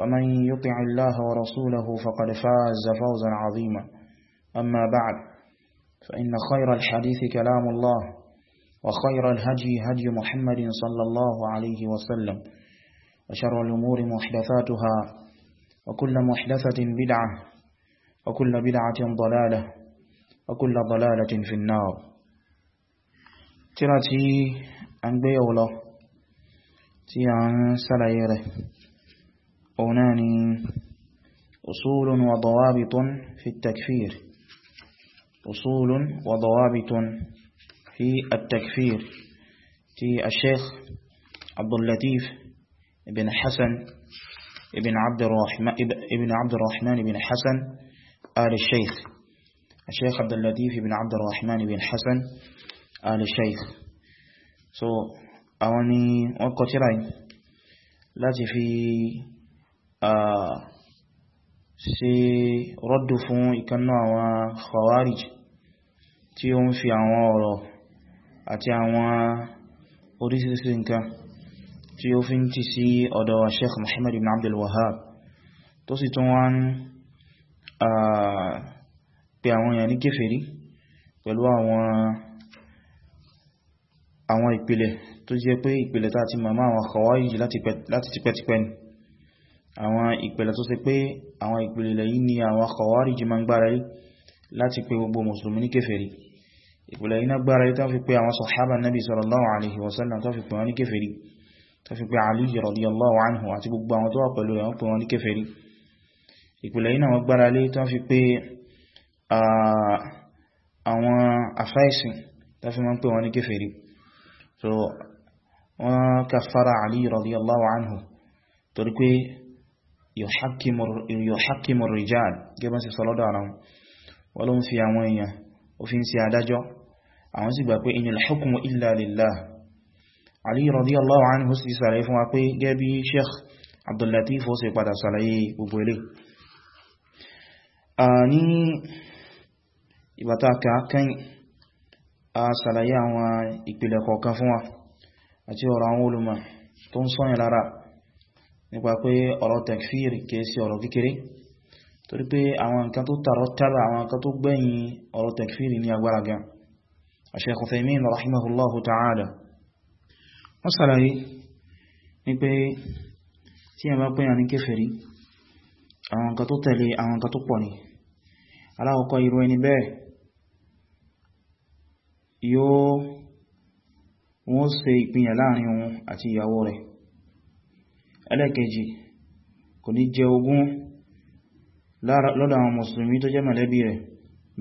ومن يطع الله ورسوله فقد فاز فوزا عظيما أما بعد فإن خير الحديث كلام الله وخير الهجي هجي محمد صلى الله عليه وسلم وشر الأمور محدثاتها وكل محدثة بدعة وكل بدعة ضلالة وكل ضلالة في النار ترى أنبي الله تيان سلايره قولان أصول وضوابط في التكفير أصول وضوابط في التكفير في الشيخ عبد اللطيف بن حسن ابن عبد الرحمن ابن عبد الرحمن بن حسن آل الشيخ الشيخ عبد اللطيف بن عبد الرحمن بن حسن آل الشيخ so أواني وقتي wọ́n kọ ṣe rọ́dù fún ìkanná àwọn khawarij tí ó ń fi àwọn ọ̀rọ̀ àti àwọn orísìírísìí nǹkan tí ó fi ń ti sí ọ̀dọ̀ sheikh muhammad ibn abdul wahhab tó sì tún wá ń pè àwọn èèyàn ní kèfèrí pẹ̀lú àwọn ìpìlẹ̀ tó jẹ́ pé ìpìlẹ̀ tàà ti màmá àwọn khawarij láti tipẹ́tipẹ́ ni àwọn ìpìlẹ̀ tó ṣe pé àwọn ìpìlẹ̀ yìí ni àwọn Khawarij ma ń gbára lé láti pé gbogbo mùsùlùmí ní kèfèrí ìpìlẹ̀ yìí náà gbára lé tó fi pé àwọn sahaba nabi sallallahu alaihi wasallam tó fi pè wọ́n ní kèfèrí tó fi pé Ali radiyallahu anhu àti gbogbo àwọn tó wà wọ́n ní kèfèrí yọ̀hákìmọ̀ rijal gẹ́bọ́n sí sọlọ́dọ̀ ara wọn wọ́n ló ń fi àwọn èèyàn òfin sí adájọ́ àwọn sì gbà pé inil hukmu illa lillah Ali radiyallahu anhu sì sàrẹ fún wa pé gẹ́bí Sheikh Abdul ó sì padà sàlàyé gbogbo ilé nípa pé ọ̀rọ̀ takfir kìí sí ọ̀rọ̀ kékeré torí pé àwọn nǹkan tó tààrọ tábà àwọn nǹkan tó gbẹ̀yìn ọ̀rọ̀ takfir ní agbára gan Shaykh Uthaymin rahimahullahu ta'ala wọ́n sàlàyé ní pé tí a bá pẹ́yàn ní kéfèrí àwọn nǹkan tó tẹ̀lé àwọn nǹkan tó pọ̀ ní alákọ̀ọ́kọ́ irú ẹni bẹ́ẹ̀ yóò wọ́n ṣe rẹ̀ ẹlẹ́kẹjì kò ní jẹ ogún lọ́dọ̀ àwọn mùsùlùmí tó jẹ́ mọ̀lẹ́bí rẹ̀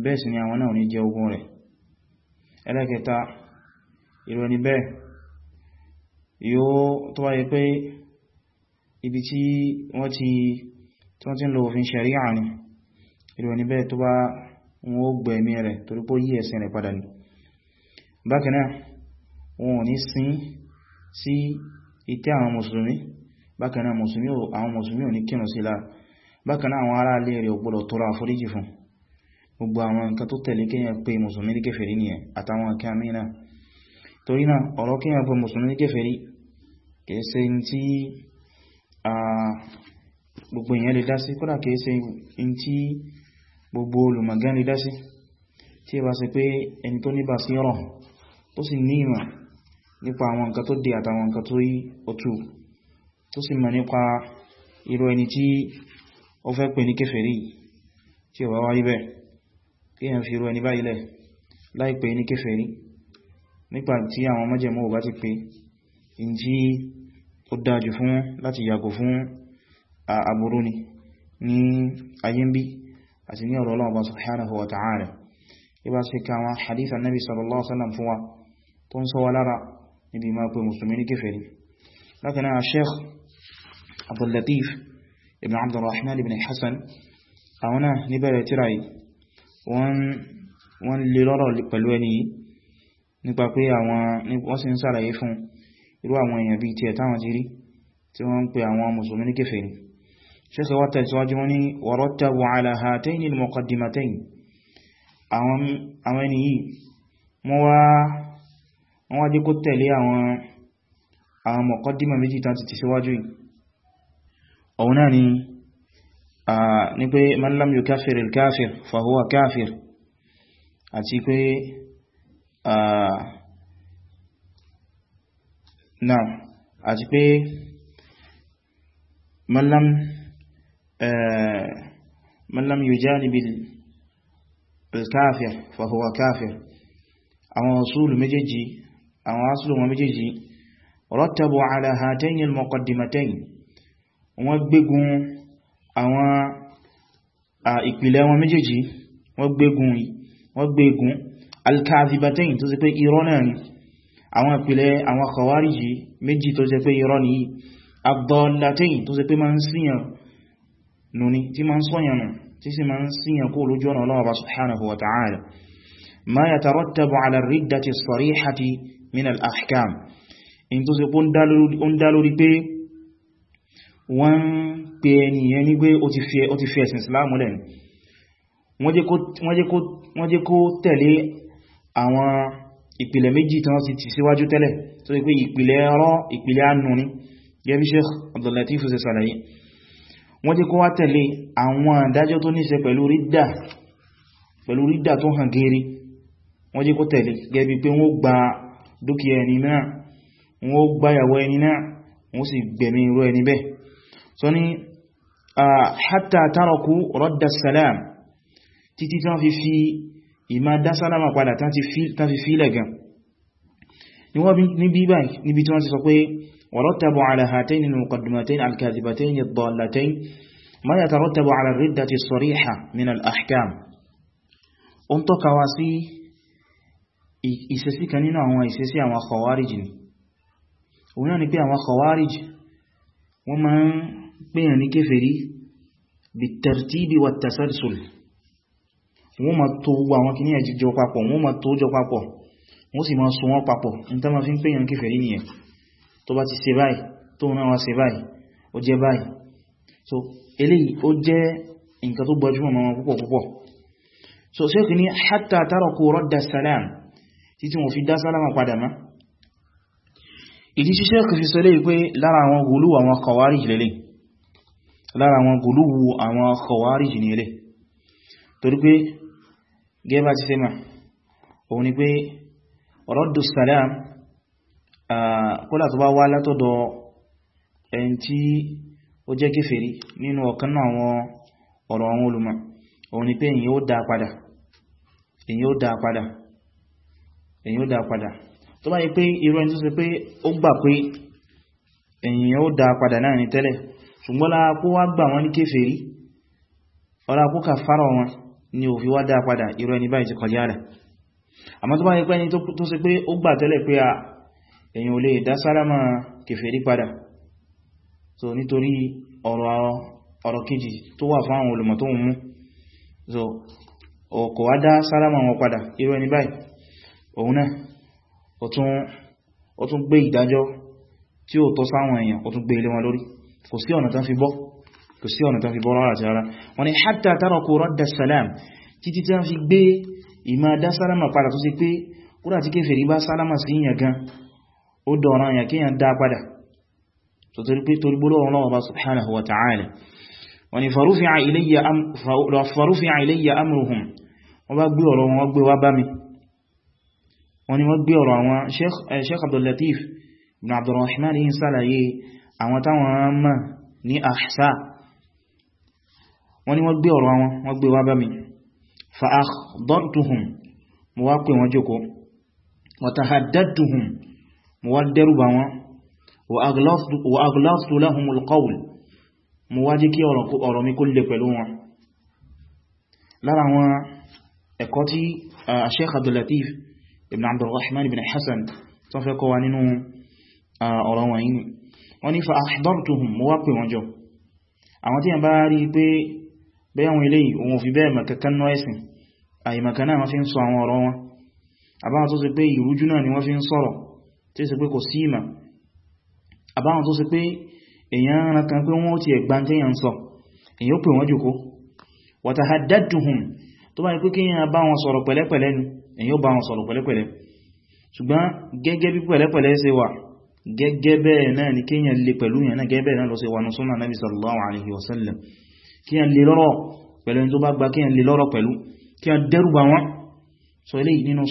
bẹ́ẹ̀ sì ni àwọn náà ní jẹ ogún rẹ̀ ẹlẹ́kẹta irú ẹni bẹ́ẹ̀ yóò tó wáyé pé ibi tí wọ́n ti tí wọ́n ti ń lo òfin ṣẹ̀ríà ni irú ẹni bẹ́ẹ̀ tó bá wọn ó gbẹ̀mí rẹ̀ torí pó yí ẹ̀sìn rẹ̀ padà ní bákanáà wọn ò ní sin sí ìtẹ́ àwọn mùsùlùmí bákanáà àwọn mùsùlùmí ò ní kírùn sí láà bákanáà àwọn ará alẹ́ rẹ̀ ògbọ́dọ̀ tọrọ àforíjì fún gbogbo àwọn nǹkan tó tẹ̀lé kíyàn pé mùsùlùmí ní kèfèrí ni ẹ̀ àtàwọn akẹ́ àmìnà torí náà ọ̀rọ̀ kíyàn pé mùsùlùmí ní kèfèrí kèése tí gbogbo èèyàn lè dásí kódà kèése tí gbogbo olùmọ̀gán lè dásí tí ẹ bá ṣe pé ẹni tó níbà sí ọ̀rọ̀ tó sì ní ìmọ̀ nípa àwọn nǹkan tó dé tó sì mọ̀ nípa irú ẹni tí ó fẹ́ pè ní kèfèrí tí ó wá wáyé bẹ́ẹ̀ kí èyàn fi irú ẹni báyìí lẹ̀ láìpè ní kèfèrí nípa tí àwọn májẹ̀mú ò bá ti pé in tí ó dájú fún láti yàgò fún àbúrú ni ní ayé ń bí àti ní ọ̀rọ̀ Ọlọ́run lákanáà sheikh Abdul Latif ibn Abdul Rahman ibn Hassan àwọn náà níbẹ̀rẹ̀ tíra yìí wọ́n lè lọ́rọ̀ pẹ̀lú ẹni yìí nípa pé àwọn wọ́n sì ń sàlàyé fún irú àwọn èèyàn bíi tiẹ̀ táwọn ti rí tí wọ́n ń pe àwọn mùsùlùmí ní kèfèrí ṣẹ́sẹ̀ wá tẹ̀síwájú wọn ni warattabu ala hataini al wọ́n wá dé kó òun náà ni ní pé man lam yukaffir al-kafir fahuwa kafir àti pé náà àti pé man lam man lam yujanib al-kafir fahuwa kafir àwọn usulu méjèèjì àwọn aslu wọn méjèèjì rattabu ala hatayn al-muqaddimatayn wọ́n gbégun àwọn ìpìlẹ̀ wọn méjèèjì wọ́n gbégun wọ́n gbégun alkazibatain tó ṣe pé irọ́ náà ni àwọn ìpìlẹ̀ àwọn khawariji méjì tó ṣe pé irọ́ ni adọ́latain tó ṣe pé máa ń síyàn nù ni tí máa ń sọ́yàn nù tí sì máa ń síyàn kó wọ́n ń pe ẹni yẹn ní pé ó ti fi ẹ̀sìn Islam lẹ̀ wọ́n jẹ́ kó tẹ̀lé àwọn ìpìlẹ̀ méjì tán sì ti síwájú tẹ́lẹ̀ tó rí pé ìpìlẹ̀ ẹ̀rọ ìpìlẹ̀ anù ní gẹ́bí Sheikh Abdullatif ṣe sàlàyé wọ́n jẹ́ kó wá tẹ̀lé àwọn àdájọ́ tó níṣe pẹ̀lú rídà pẹ̀lú rídà tó hàn gẹ́rí wọ́n jẹ́ kó so ni hatta taraku radda salam títí tán fi fi ìmá dá sálámà padà tán fi fílẹ̀ gan níbi báyìí níbi tí wọ́n ti sọ pé ورتبوا على هاتين المقدمتين الكاذبتين الضالتين ما يترتب على الردة الصريحة من الأحكام انتو كواسي ìṣesí kan nínú àwọn ìṣesí àwọn khawarij ni òun wọ́n máa ń pèyàn ní kéfèrí bí tartibi wa tasalsul wọ́n ma tó gbogbo àwọn kìíní ẹ̀jì jọ papọ̀ wọ́n ma tó jọ papọ̀ wọ́n sì ma so wọ́n papọ̀ ní tán ma fi ń pèyàn kéfèrí nìyẹn tó bá ti ṣe báyìí tó náà wá ṣe báyìí so eléyìí ó jẹ́ nǹkan tó gbajúmọ̀ mọ́ so ṣe kì ní hatta taraku radda salam títí wọ́n fi dá sálámà padà mọ́ ìdí ṣíṣẹ́ kì fi sọ lè pé lára àwọn gùlú àwọn kọwàrí ìlẹ́lẹ́ lára àwọn gùlúwù àwọn khawarij ní ilé torí pé gẹ́bà ti sẹ́mà òun ni pé raddu salam kólà tó bá wá látọ̀dọ̀ ẹni tí ó jẹ́ kéfèrí nínú ọ̀kan àwọn ọ̀rọ̀ àwọn olùmọ̀ òun ni pé èyí ó dá padà èyí ó dá padà èyí ó dá padà tó bá yí pé irú ẹni tó ṣe pé ó gbà pé èyí ó dá padà náà ní tẹ́lẹ̀ ṣùgbọ́n lára kó wá gbà wọn ní kéfèrí ọ̀rá kó fara wọn ni ò fi wá dá padà irú ẹni báyìí ti kọjá rẹ̀ àmọ́ tó bá yẹ pé ẹni tó ṣe pé ó gbà tẹ́lẹ̀ pé èyàn ò dá sálámà kèfèrí padà so nítorí ọ̀rọ̀ kejì tó wà fún àwọn olùmọ̀ tó ń mú so kò wá dá sálámà wọn padà irú ẹni báyìí òun náà ó tún gbé ìdájọ́ tí ó tọ́ sáwọn èèyàn ó gbé ilé wọn lórí kò sí ọ̀nà tán fi bọ́ kò sí ọ̀nà tán fi bọ́ rárá ti rárá wọ́n ni hatta taraku radda salam títí tán fi gbé ìmá dá sálámà padà tó sì pé kúrà tí kéfèrí bá sálámà sí yàn gan ó dọ̀ọ̀nà yàn kí yàn dá padà tó torí pé torí gbóló ọ̀rọ̀ ọba subhanahu wa ta'ala wọ́n ni farufi'a ilayya amruhum wọ́n bá gbé àwọn táwọn mọ̀ ní àṣà wọ́n ní wọ́n gbé ọ̀rọ̀ wọn wọ́n gbé wá bá mi fa'akhdọ́tuhun mo wá pè wọ́n jókó wàtàhàdàtuhun mo wá dẹ́rùbà wọn wa aglaftu lahumul qawl mo wá jẹ́ kí ọ̀rọ̀ mi kó lè pẹ̀lú wọn lára wọn ẹ̀kọ́ tí wọ́n ní fa ahdartuhum mo wá pè wọ́n jọ àwọn tí yàn bá rí pé bẹ́yàn wọn ilé òun fi bẹ́ẹ̀ makakan náà ẹ̀sìn àìmaka náà wọ́n fi ń sọ àwọn ọ̀rọ̀ wọn àbáwọn tó ṣe pé ìrújú náà ni wọ́n fi ń sọ̀rọ̀ tí ṣe pé kò sí ìmà àbáwọn tó ṣe pé èyàn ara kan pé wọ́n ti ẹ̀gbá tí yàn sọ èyàn ó pè wọ́n jòkó watahaddadtuhum tó bá ní pé kíyàn bá wọn sọ̀rọ̀ pẹ̀lẹ́pẹ̀lẹ́ ni èyàn bá wọn sọ̀rọ̀ pẹ̀lẹ́pẹ̀lẹ́ ṣùgbọ́n gẹ́gẹ́ bí pẹ̀lẹ́pẹ̀lẹ́ ṣe wà gẹ́gẹ́ bẹ́ẹ̀ náà ni kíyàn lè pẹ̀lú yàn náà gẹ́gẹ́ bẹ́ẹ̀ náà lọ sí wọnú súnà nabi sallallahu alaihi wasallam kíyàn lè lọ́rọ̀ pẹ̀lú ẹni tó bá gba kíyàn lè lọ́rọ̀ pẹ̀lú kíyàn dẹ́rùbà wọn so ilé nínú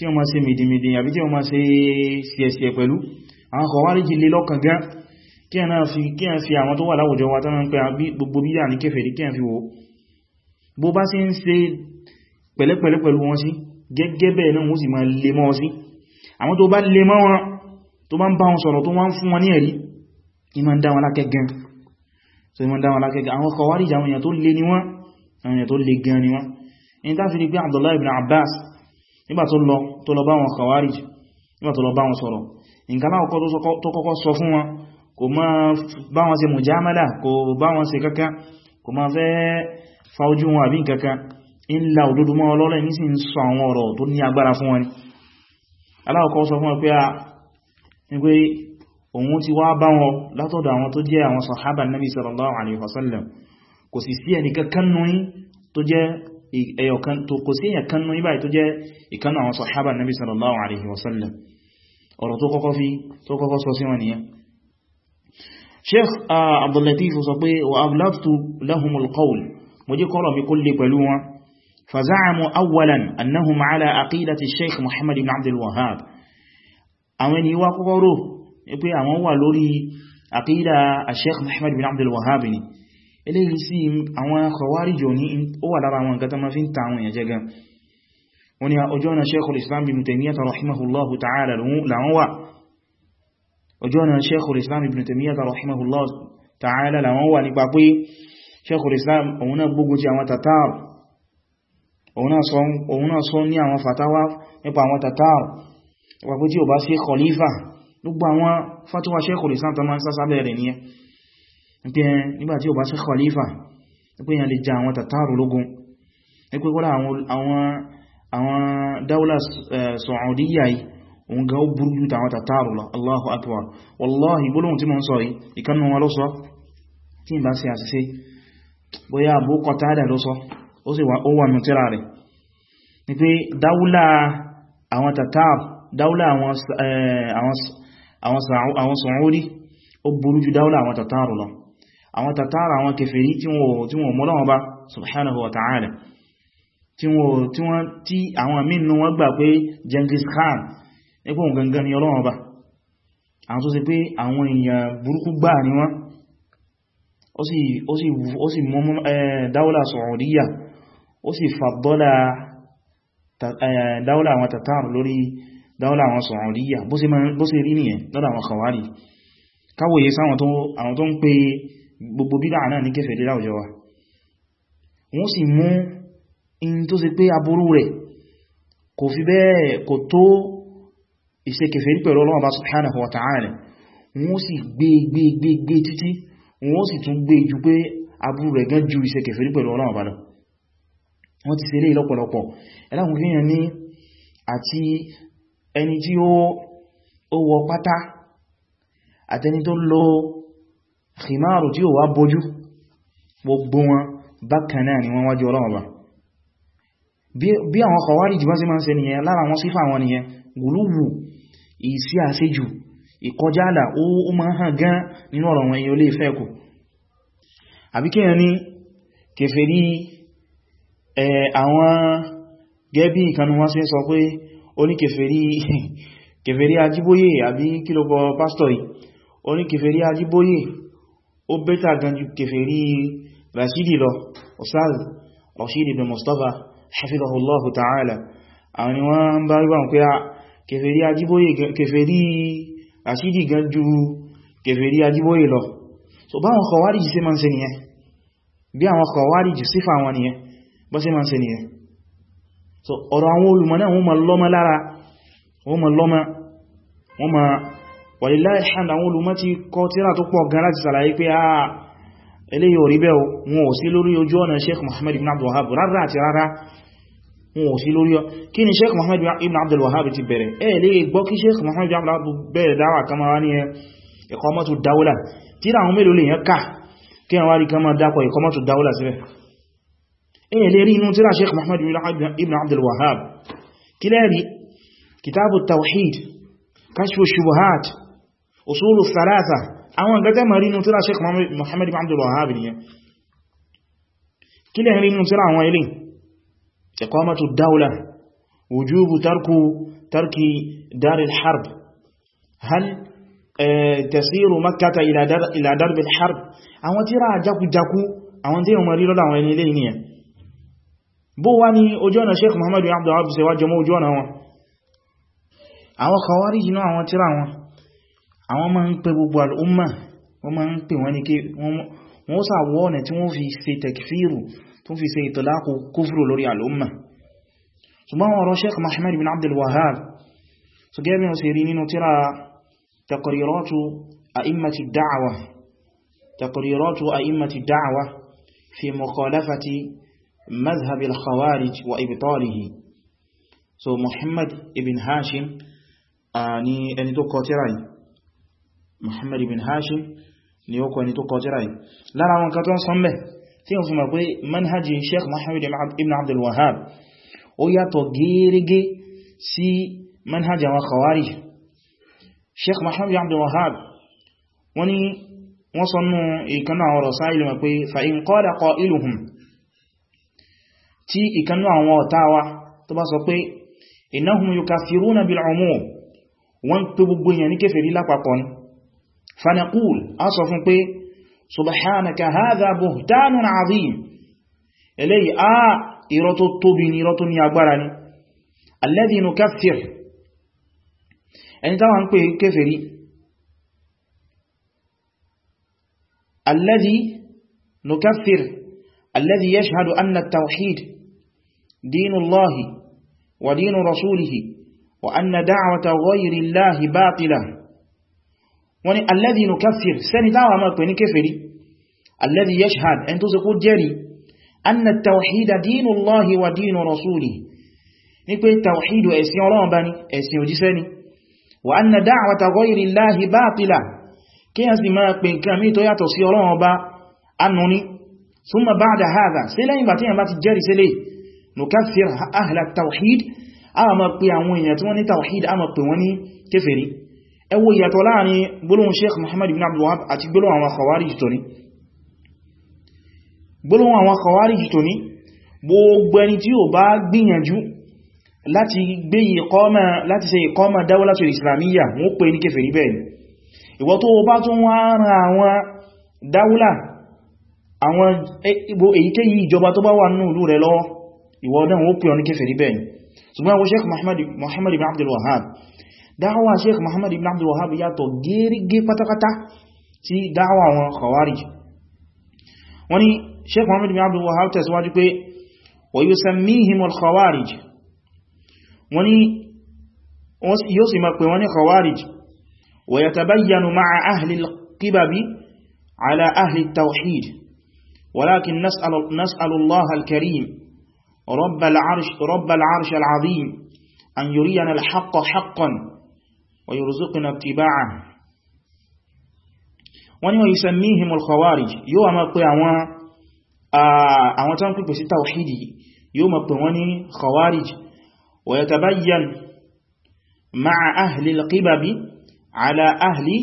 tí wọ́n máa ṣe mìdìmìdì àbí tí wọ́n máa ṣe síẹsíẹ pẹ̀lú àwọn kọwàríjì lè lọ́kàn gan kí a náà fi kí a fi àwọn tó wà láwùjọ wa tánà ń pẹ́ gbogbo bídà ní kèfèrí kí a fi wò bó bá sí ń ṣe pẹ̀lẹ́pẹ̀lẹ́ pẹ̀lú wọn sí gẹ́gẹ́ bẹ́ẹ̀ náà wọ́n sì máa lè mọ́ sí àwọn tó bá lè mọ́ wọn tó bá ń bá wọn sọ̀rọ̀ tó wá ń fún wọn ní ẹ̀rí ìmọ̀ ń dá wọn lákẹ́ Abbas nígbà tó lọ tó lọ bá wọn khawarij nígbà tó lọ bá wọn sọ̀rọ̀ nǹkan náà tó kọ́kọ́ sọ fún wọn kò má bá wọn ṣe mujamala kò bá wọn ṣe kaka kò má fẹ́ fa ojú wọn àbí kaka in la òdodo mọ́ ọlọ́rẹ̀ ní sí ń sọ àwọn ọ̀rọ̀ tó ní agbára fún wọn aláwọ̀kọ́ sọ fún ah, nabi sallallahu alaihi wasallam kò sì sí ẹnìkan kan ẹyọkan tó kò sí èyàn kan nú ibà tó jẹ́ ìkan àwọn sàhábà nabi sallallahu alaihi wasallam ọ̀rọ̀ tó kọ́kọ́ fi tó kọ́kọ́ sọ sí wọn nìyẹn sheikh ah, abdullatif sọ pé wa ablaftu lahumul qawl mo jẹ́ kọ́rọ̀ mi kó lè pẹ̀lú wọn فزعموا اولا انهم على عقيده الشيخ محمد بن عبد الوهاب àwọn ni wá kọ́kọ́ rò pé àwọn wà lórí aqida eléyìí sí àwọn kọwàríjò ní ó wà lára àwọn nǹkan tó máa fi ń ta àwọn èèyàn jẹ gan wọ́n ni ọjọ́ ọ̀nà Sheikhul Islam Ibn Taymiyyah rahimahullahu ta'ala làwọn wà ọjọ́ ọ̀nà Sheikhul Islam Ibn Taymiyyah rahimahullahu ta'ala làwọn wà nípa pé Sheikhul Islam òun náà gbógun ti àwọn Tatar òun náà sọ ní àwọn fatawa nípa àwọn Tatar wà pé tí ò bá sí khalifa gbogbo àwọn fatawa Sheikhul Islam tó máa ń sásábẹ̀ rẹ̀ nìyẹn pé nígbàtí ò bá sí khalifa pé yàn lè ja àwọn tàtàrù lógún pé kọ́lá àwọn dáúlà eh, Saudiya yìí òun ga ó burú jù tàwọn tàtàrù lọ Allahu akbar wallahi gbólóhùn tí mo ń sọ yìí ìkannú wọn ló sọ tí ìbá sí àṣìṣe bóyá Abu Qatada ló sọ ó sì wà nù tíra àwọn tàtàrù dáúlà eh, Saudi ó burú jù dáúlà àwọn tàtàrù lọ àwọn tàtàrà àwọn kèfèrí tí wọ́n mọ́ lọ́wọ́ bá subhanahu wa ta'ala tí wọ́n tí àwọn mínú wọ́n gbà pé Genghis Khan ẹgbẹ́ gangan ni ọlọ́wọ́ bá àwọn tó ṣe pé àwọn èèyàn burúkú gbà ní wọ́n ó sì mọ́ dáúlà Saudiya ó sì fàbọ́lá dáúlà àwọn tàtàrà lórí dáúlà àwọn Saudiya bó ṣe rí nìyẹn lọ́dọ̀ àwọn Khawarij káwòye sáwọn tó ń pè gbogbo bídá náà ní kèfèrí láwùjọ wa wọ́n sì mú in tó ṣe pé aburú rẹ̀ kò fi bẹ́ẹ̀ kò tó ìṣe kèfèrí pẹ̀lú Ọlọ́run Ọba subhanahu wa ta'ala wọ́n sì gbé gbé gbé gbé títí wọ́n sì tún gbé ju pé aburú rẹ̀ gan ju ìṣe kèfèrí pẹ̀lú Ọlọ́run Ọba lọ wọ́n ti ṣe tí ó wọ pátá àtẹni tó lọ khimaru tí ó wa bójú gbogbo wọn bákan ni wọ́n wájú ọlọ́run ba bí àwọn khawarij bá ṣe máa ń ṣe nìyẹn lára wọn sífà wọn nìyẹn gùlúwù ìsí àṣejù ìkọjáàlà ó máa hàn gan nínú ọ̀rọ̀ wọn yóò lè fẹ́ kù àbíkẹ́yàn ní kèfèrí àwọn gẹ́bí ìkanu wọn sí sọ pé ó ó bẹ́ta ganjú kèfèrí rasidi lọ ustaz rashid ibn mustapha hafizahullahu ta'ala àwọn ni wọ́n ń bá rí wọn pé a ah, kèfèrí ajíbóyè kèfèrí rasidi ganjú kèfèrí ajíbóyè lọ so bá wọn kọwàríjì sí ma ń ṣe nìyẹn bí àwọn kọwàríjì sífà wọn nìyẹn bọ́ sí ma ń ṣe nìyẹn so ọ̀rọ̀ àwọn olùmọ̀ náà wọ́n ma lọ́mọ lára wọ́n ma lọ́mọ wọ́n ma wàlìlá ìhàndà àwọn olùmọ̀ ti kọ tíra tó pọ̀ gan láti sàlàyé pé àà ah, eléyìí orí bẹ́ wọn ò sí lórí ojú ọ̀nà sheikh Muhammad ibn Abdul Wahhab rárá àti rárá wọn ò sí lórí ọ kí ni sheikh Muhammad ibn Abdul Wahhab ti bẹ̀rẹ̀ ẹ lè gbọ́ kí sheikh Muhammad ibn Abdul Wahhab bẹ̀rẹ̀ dáwà kama wá ní eh, iqamatu dawla tíra àwọn mélòó lè yàn ká kí wọ́n usulu thalatha àwọn gẹ́gẹ́ mọ̀ rínú tíra Sheikh Muhammad ibn Abdul Wahhab nìyẹn kí lẹ́yìn rínú tíra àwọn ilé iqamatu dawla wujubu tarku tarki dar al-harb hal eh, tasiru makkata ila darb al-harb àwọn tíra jakujaku àwọn tíra mọ̀ rínú àwọn ilé nìyẹn bó wá ní ojú ọ̀nà Sheikh Muhammad ibn Abdul Wahhab ṣe wá jọmọ́ ojú ọ̀nà wọn àwọn khawarij náà àwọn tíra wọn àwọn máa ń pè gbogbo al'umma wọ́n máa ń pè wọ́n ní kí wọ́n sàwọ́ ọ̀nà tí wọ́n fi ṣe tekfiru tó fi ṣe ìtọ́lákò kúfùrù lórí al'umma ṣùgbọ́n ọ̀rọ̀ sheikh mahmad bin abdul wahhab so gẹ́bí o sì rí muhammad ibn hashim a ni ẹni tó kọ tíra yìí Muhammad ibn Hashim ni ó kọ ẹni tó kọ tírà yìí lára àwọn kan tó ń sọ mẹ́ tí wọ́n fi mọ̀ pé manhaji Sheikh Muhammad ibn Abdul Wahhab ó yàtọ̀ gẹ́rẹ́gẹ́ sí manhaji àwọn Khawarij Sheikh Muhammad ibn Abdul Wahhab wọ́n ni wọ́n sọ nú ìkanú àwọn ọ̀rọ̀ sáà ilmọ̀ pé fa'in qala qa'iluhum tí ìkanú àwọn ọ̀táwa tó bá sọ pé innahum yukaffiruna bil umum wọ́n pé gbogbo èèyàn ní kèfèrí lápapọ̀ ni فنقول أصف بي سبحانك هذا بهتان عظيم إلي آ إرط الطبن إرط يعبرني الذي نكفر أنت طبعا بي كفري الذي نكفر الذي يشهد أن التوحيد دين الله ودين رسوله وأن دعوة غير الله باطلة wọ́n ni alladhi nukaffir sẹ́ni táwà máa pè ní kéfèrí alladhi yashhad ẹn tó sì kó jẹ́rì anna tawhida dinullahi wa dinu rasulihi ní pé tawhidu ẹ̀sìn ọlọ́run bá ní ẹ̀sìn òjíṣẹ́ ni wa anna da'wata ẹ wo ìyàtọ̀ láàrin gbólóhùn sheikh muhammad ibn abdul wahab àti gbólóhùn àwọn khawarij tòní gbólóhùn àwọn khawarij tòní gbogbo ẹni tí ó bá gbìyànjú láti gbé ìkọ́mà láti ṣe ìkọ́mà dawlatul islamiyya wọ́n pè ní kèfèrí bẹ́ẹ̀ ni ìwọ tó bá tún wá ran àwọn dáwọ́lá àwọn èyíkéyìí ìjọba tó bá wà dáwà sheikh muhammad ibn abdul wahhab yàtọ̀ gẹ́rẹ́gẹ́ pátápátá sí dáwà wọn khawarij wọ́n ní sheikh muhammad ibn abdul wahhab tẹ̀síwájú pé wa yusammihim al-khawarij wọ́n ní yóò sì máa pè wọ́n ní khawarij wa yatabayyanu ma'a ahli al-qibabi ala ahli at-tawhid ولكن نسأل, نسأل الله الكريم رب العرش, رب العرش an yuriyana يرينا الحق حقا ويرزقنا اتباعه wọ́n ni wọ́n yusammihim al-khawarij yóò a máa pè àwọn tán pípẹ̀ sí tawhidi yóò máa pè wọ́n ní khawarij wa yatabayyan ma'a ahli al-qibabi ala ahli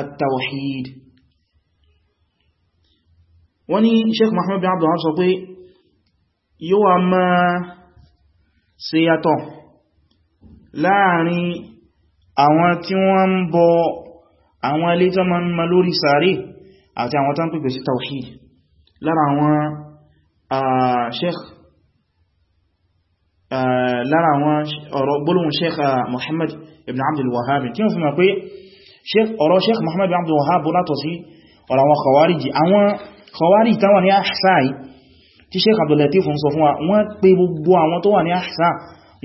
at-tawhid wọ́n ni sheikh muhammad bin abdullahi sọ pé yóò a máa ṣe yàtọ̀ láàrin àwọn tí wọ́n ń bọ àwọn ilé tó máa ń ma lórí sàárè àti àwọn tó ń pèpè sí tawhid lára àwọn sheikh lára àwọn ọ̀rọ̀ gbólóhùn sheikh Muhammad ibn Abdul Wahhab tí wọ́n fi mọ̀ pé ọ̀rọ̀ sheikh Muhammad ibn Abdul Wahhab látọ̀ sí ọ̀rọ̀ àwọn khawariji àwọn khawariji táwọn tí wọ́n pè gbogbo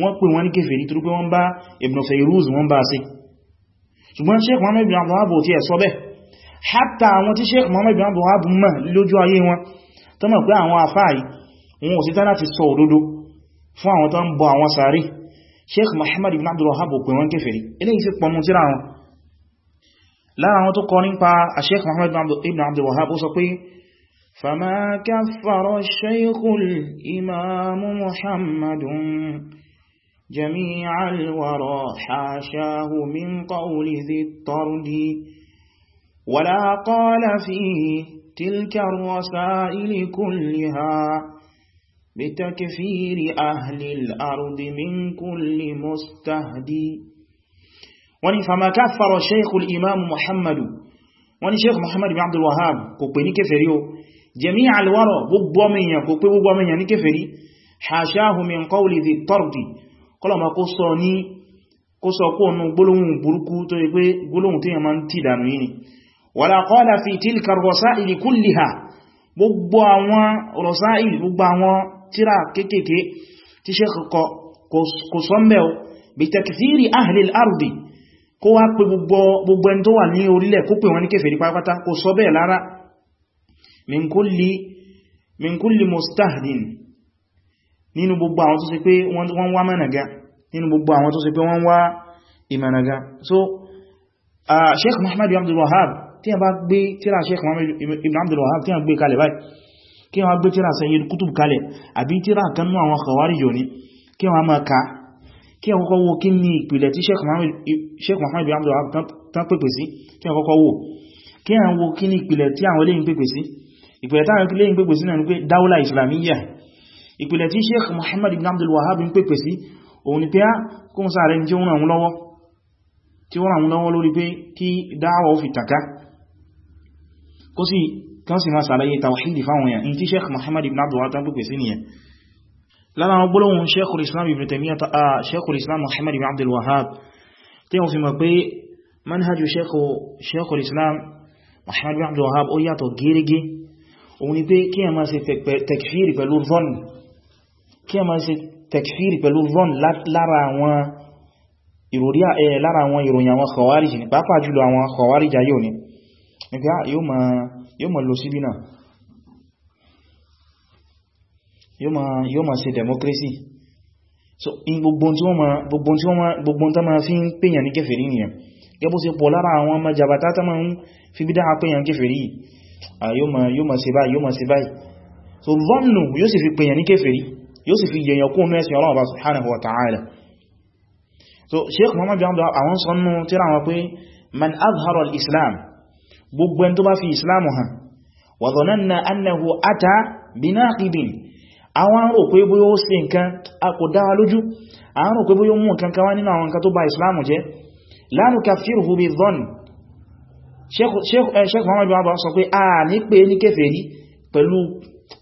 wọ́n pè wọ́n ní kèfèrí nítorí pé wọ́n bá Ibn Fayruz wọ́n bá sí ṣùgbọ́n Sheikh Muhammad bin Abdul Wahhab ti ẹ̀ sọ bẹ́ hatta àwọn tí Sheikh Muhammad bin Abdul Wahhab mọ̀ lójú ayé wọn tó mọ̀ pé àwọn afáàyí wọn ò sí tán láti sọ òdodo fún àwọn tó ń bọ àwọn sàárì Sheikh Muhammad bin Abdul Wahhab pè wọ́n kèfèrí فما كفر الشيخ الإمام محمد جميع الورى حاشاه من قول ذي الطرد ولا قال فيه تلك الرسائل كلها بتكفير أهل الأرض من كل مستهدي فما كفر الشيخ الإمام محمد شيخ محمد بن عبد الوهاب كوبيني كفريو جميع الورى بوبوميا كوبي نكفري حاشاه من قول ذي الطرد kọ́lọ̀mà kó sọ ní kó sọ kó nù gbólóhùn burúkú tó yí pé gbólóhùn tí yẹn ma ń tì dànù yìí ni wàlá kọ́lá fi tilka rọ̀sáìlì kulliha gbogbo àwọn rọ̀sáìlì gbogbo àwọn tíra kéèkéé tí ṣe kò sọ́mbẹ̀ bí min kulli min kulli mustahdin nínú gbogbo àwọn tó ṣe pé wọ́n wá mẹ́nàgá nínú gbogbo àwọn tó ṣe pé wọ́n wá ìmẹ̀nàgá so sheikh muhammad ibn abdul wahab tí a bá gbé tíra sheikh muhammad ibn abdul wahab tí a gbé kalẹ̀ báyìí kí wọ́n gbé tíra sayyid kutub kalẹ̀ àbí tíra kan nú àwọn khawarij ni kí wọ́n máa ka kí wọ́n kọ́kọ́ wo kí ni ìpìlẹ̀ tí sheikh muhammad ibn abdul wahab tán pèpè sí kí wọ́n kọ́kọ́ wo kí wọ́n wo kí ni ìpìlẹ̀ tí àwọn eléyìn ìpìlẹ̀ tí sheikh Muhammad ibn Abdul Wahhab ń pèpè sí òun ni pé á ah, kún sáàrẹ tí ó ràn wọn lọ́wọ́ tí ó ràn wọn lọ́wọ́ lórí pé kí dáwà ó fi tàká kó sì kan sì máa sàlàyé tàwàhídì fáwọn èèyàn in ah, ni pé kí a máa ṣe tẹ̀kfíìrì pẹ̀lú zọ́nù kí ẹ máa ṣe tekfiri pẹ̀lú ron lára àwọn ìròrí ẹ̀ lára àwọn ìròyìn àwọn khawarij ní pàápàá jùlọ àwọn khawarij ayé òní nígbà ah, yóò mọ̀ lọ síbí náà yóò mọ̀ ṣe democracy so in gbogbo tí wọ́n ma fi ń pèyàn ní kèfèrí nìyàn gẹ́bó sí pọ̀ lára àwọn ọmọ jàbátá tó ma ń fi bídá pèyàn kèfèrí ah, yóò mọ̀ ṣe báyìí yóò mọ̀ ṣe báyìí so vọ́nù yóò sì fi pèyàn ní kèfèrí yóò sì fi yẹ̀yàn kún mẹ́sìn Ọlọ́run Ọba subhanahu wa ta'ala so sheikh muhammad bin abdul àwọn sọ́nù tíra wọn pé man azhara al-islam gbogbo ẹn tó bá fi islam hàn wa dhananna annahu ata binaqidin àwọn rò pé bóyá ó ṣe nǹkan a kò dá lójú àwọn rò pé bóyá ó mú nǹkan kan nínú àwọn nǹkan tó bà islam jẹ́ la nukaffiruhu bi dhann eh, sheikh muhammad bin sọ pé a ní pé ní kèfèrí pẹ̀lú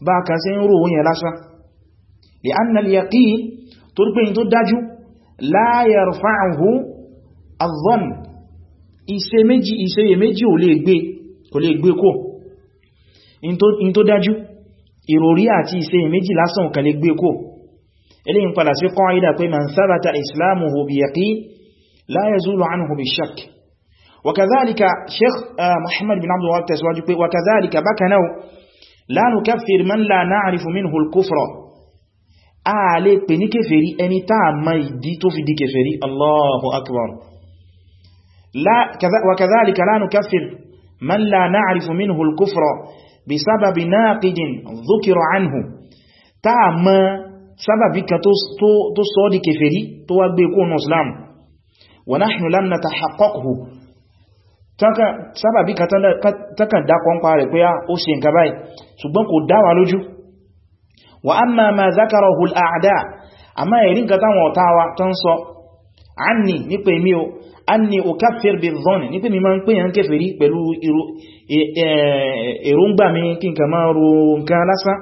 bá kan sí ń rò ó lásán لأن اليقين تربين تداجو لا يرفعه الظن iṣẹ́ méjì iṣẹ́ yẹ méjì ò lè gbé kò lè gbé kò in tó dájú ìròrí àti iṣẹ́ yẹ méjì lásán kan lè gbé kò ilé ń padà sí kan ìdá pé man sábàtà islamuhu bi yaqin la yazulu anhu bi shakk wakazalika sheikh ah, muhammad bin abdul wahab tẹ̀síwájú pé wakazalika bákanáà la nukaffir man la na'rifu minhu al-kufra a lè pè ní kèfèrí ẹni táà ma ìdí tó fi di kèfèrí Allahu akbar wa kadhalika la nukaffir man la na'rifu minhu al-kufra bisababi naqidin dhukira anhu táà ma sábàbí ka tó sọ di kèfèrí tó wá gbé e kónú Islam wa nahnu lam wa amma ma zakarahu al-a'da amma ẹ̀rí nǹkan táwọn ọ̀tá wa tán sọ anni nípa èmi o anni ukaffir bi-dhann nípa mi máa ń pè yàn kèfèrí pẹ̀lú èròǹgbà mi kí nǹkan máa ro nǹkan lásán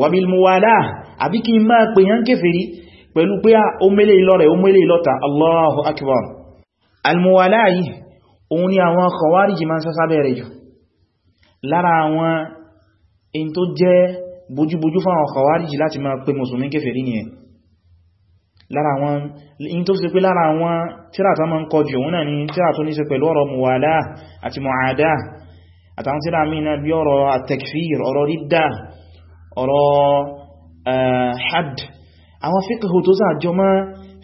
wa bil-muwalah àbí kí máa pè yàn kèfèrí pẹ̀lú pé ah, ó mẹ́lẹ̀ ìlọ́rẹ̀ ó mẹ́lẹ̀ ìlọ́ta Allahu akbar al-muwala yìí òun ni àwọn khawarij máa ń sásábẹ̀rẹ̀ jù lára àwọn in tó jẹ́ bójúbójú fáwọn kọwàríjì láti máa pè mùsùlùmí kèfèrí ni ẹ̀ lára wọn in tó sì pé lára wọn tíra tó máa ń kọjú òun náà ni tíra tó ní ṣe pẹ̀lú ọ̀rọ̀ muwala àti muada àtàwọn tíra mìíràn bí ọ̀rọ̀ at-takfir ọ̀rọ̀ ridda ọ̀rọ̀ eh, had àwọn fíkàhù tó sàjọ mọ́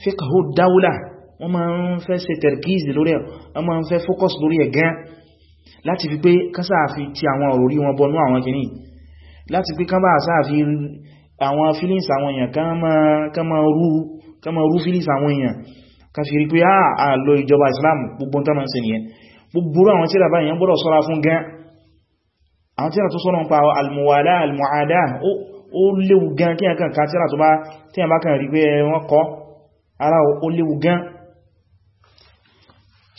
fíkàhù dáúlà wọ́n máa ń fẹ́ ṣe tẹ̀rkíz lórí ẹ̀ wọ́n máa ń fẹ́ fókọ́s lórí ẹ̀ gan láti fi pé kásáà fi ti àwọn òròrí wọn bọnú àwọn kìnnìyàn láti pé kán bá àsáàfi àwọn feelings àwọn èèyàn kán máa rú feelings àwọn èèyàn ká fi rí pé àà ah, lọ ìjọba Islam gbogbo tán máa ń ṣe nìyẹn gbogbo àwọn tíra bá èèyàn gbọ́dọ̀ sọ́ra fún gan àwọn tíra tó sọ́rọ̀ ń pa almuwala almuada ó léwu gan kí ẹ̀kàn ká tíra tó bá tí ẹ̀ bá kàn rí pé wọ́n kọ́ gan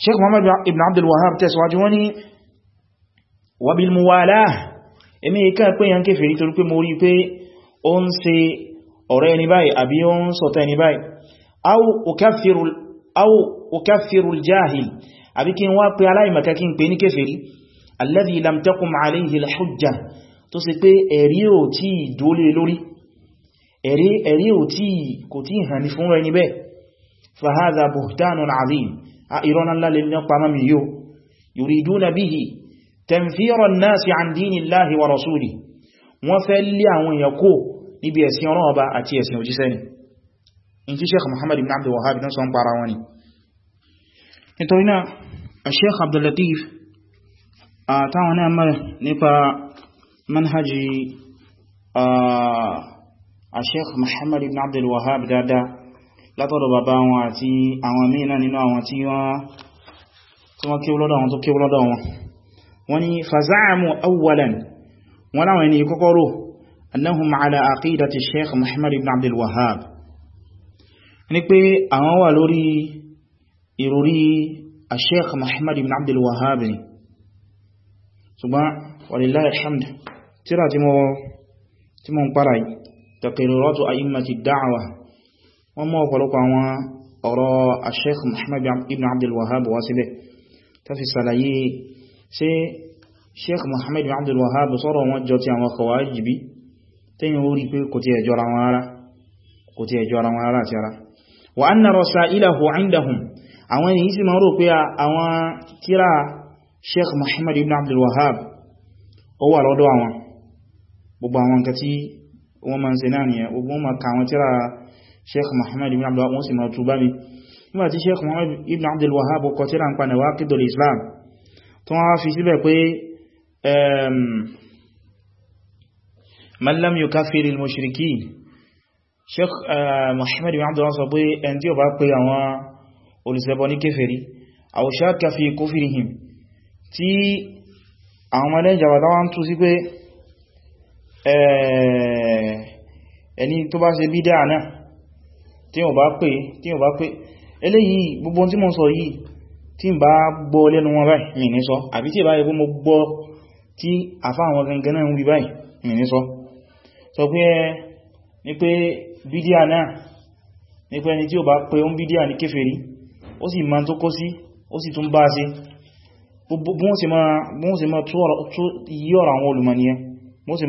Sheikh Muhammad ibn Abdul Wahhab tẹ̀síwájú wọ́n ni wabil muwala èmi ìkà pé yàn kéfèrí torí pé mo rí pé ó ń ṣe ọ̀rẹ́ ẹni báyìí àbí ó ń sọ̀tọ̀ ẹni báyìí aw ukaffiru al-jahil àbí kí n wá pé aláìmọ̀ká kí n pè ní kéfèrí alladhi lam taqum alayhi al-hujja tó sì pé ẹ̀rí ò tí dólé yuriduna bihi tẹ̀mfíọ́rọ̀ náà sí àn dínì láhì wa rasúlì wọ́n fẹ́ lé àwọn èèyàn kó níbi ẹ̀sìn ọ̀rọ̀ ọba àti ẹ̀sìn òjíṣẹ́ ni in ti sheikh muhammad ibn abdul wahhab dan son para wani nítorí náà a sheikh abdul latif a táwọn náà mara nípa manhaji a sheikh muhammad wọn àti àwọn mìíràn tí wọ́n kí wọ́n lọ́dọ̀ wọn tó kí wọ́n lọ́dọ̀ wọn wọ́n ni faza'amu awwalan wọ́n láwọn ẹni kọ́kọ́rò annahum ala aqidati sheikh muhammad ibn abdul wahhab ní pé àwọn wà lórí ìròrí a sheikh muhammad ibn abdul wahhab ni ṣùgbọ́n walillahi alhamd tíra tí mo ń para yìí taqriratu a'immati da'wa wọ́n mọ́ ọ̀pọ̀lọpọ̀ àwọn ọ̀rọ̀ a sheikh muhammad ibn abdul wahhab wá síbẹ̀ ta fi sàlàyé ṣe sheikh Muhammad bin Abdul Wahhab sọ́rọ̀ wọn jọ ti àwọn khawarij bí tẹ́yìn ó rí pé kò ti ẹjọ́ ara wọn ara kò ti ẹjọ́ ara wọn ara àti ara wa anna rasailahu indahum àwọn èyí sì máa rò pé àwọn tíra sheikh Muhammad bin Abdul Wahhab ó wà lọ́dọ̀ àwọn gbogbo àwọn nǹkan tí wọ́n máa ń ṣe náà nìyẹn gbogbo ma ka àwọn tíra sheikh Muhammad bin Abdul Wahhab wọ́n sì máa túbá mi nígbàtí sheikh Muhammad bin Abdul Wahhab kọ tíra ń pa nawaqidul Islam tó wọ́n fi síbẹ̀ pé ehm, man lam yukaffir al-mushrikin Sheikh eh, Muhammad bin Abdullah sọ pé ẹni tí ó bá pé àwọn olùṣẹbọ ní kèfèrí aw shakka fi kufrihim tí àwọn ọmọdé ìjàbàtà wọ́n tún sí pé eh, ẹni tó bá ṣe bídá náà tí ó bá pé eléyìí gbogbo tí mo sọ yìí tí n bá gbọ́ lẹ́nu wọn báyìí mi ní sọ àbí tí ìbá ibú mo gbọ́ tí àfá àwọn gangan náà ń wí báyìí mi ní sọ sọ pé ní pé bídíà náà ní pé ẹni tí ó bá pé ó ń bídíà ní kéfèrí ó sì máa tó kó sí ó sì tún bá sí sí máa sí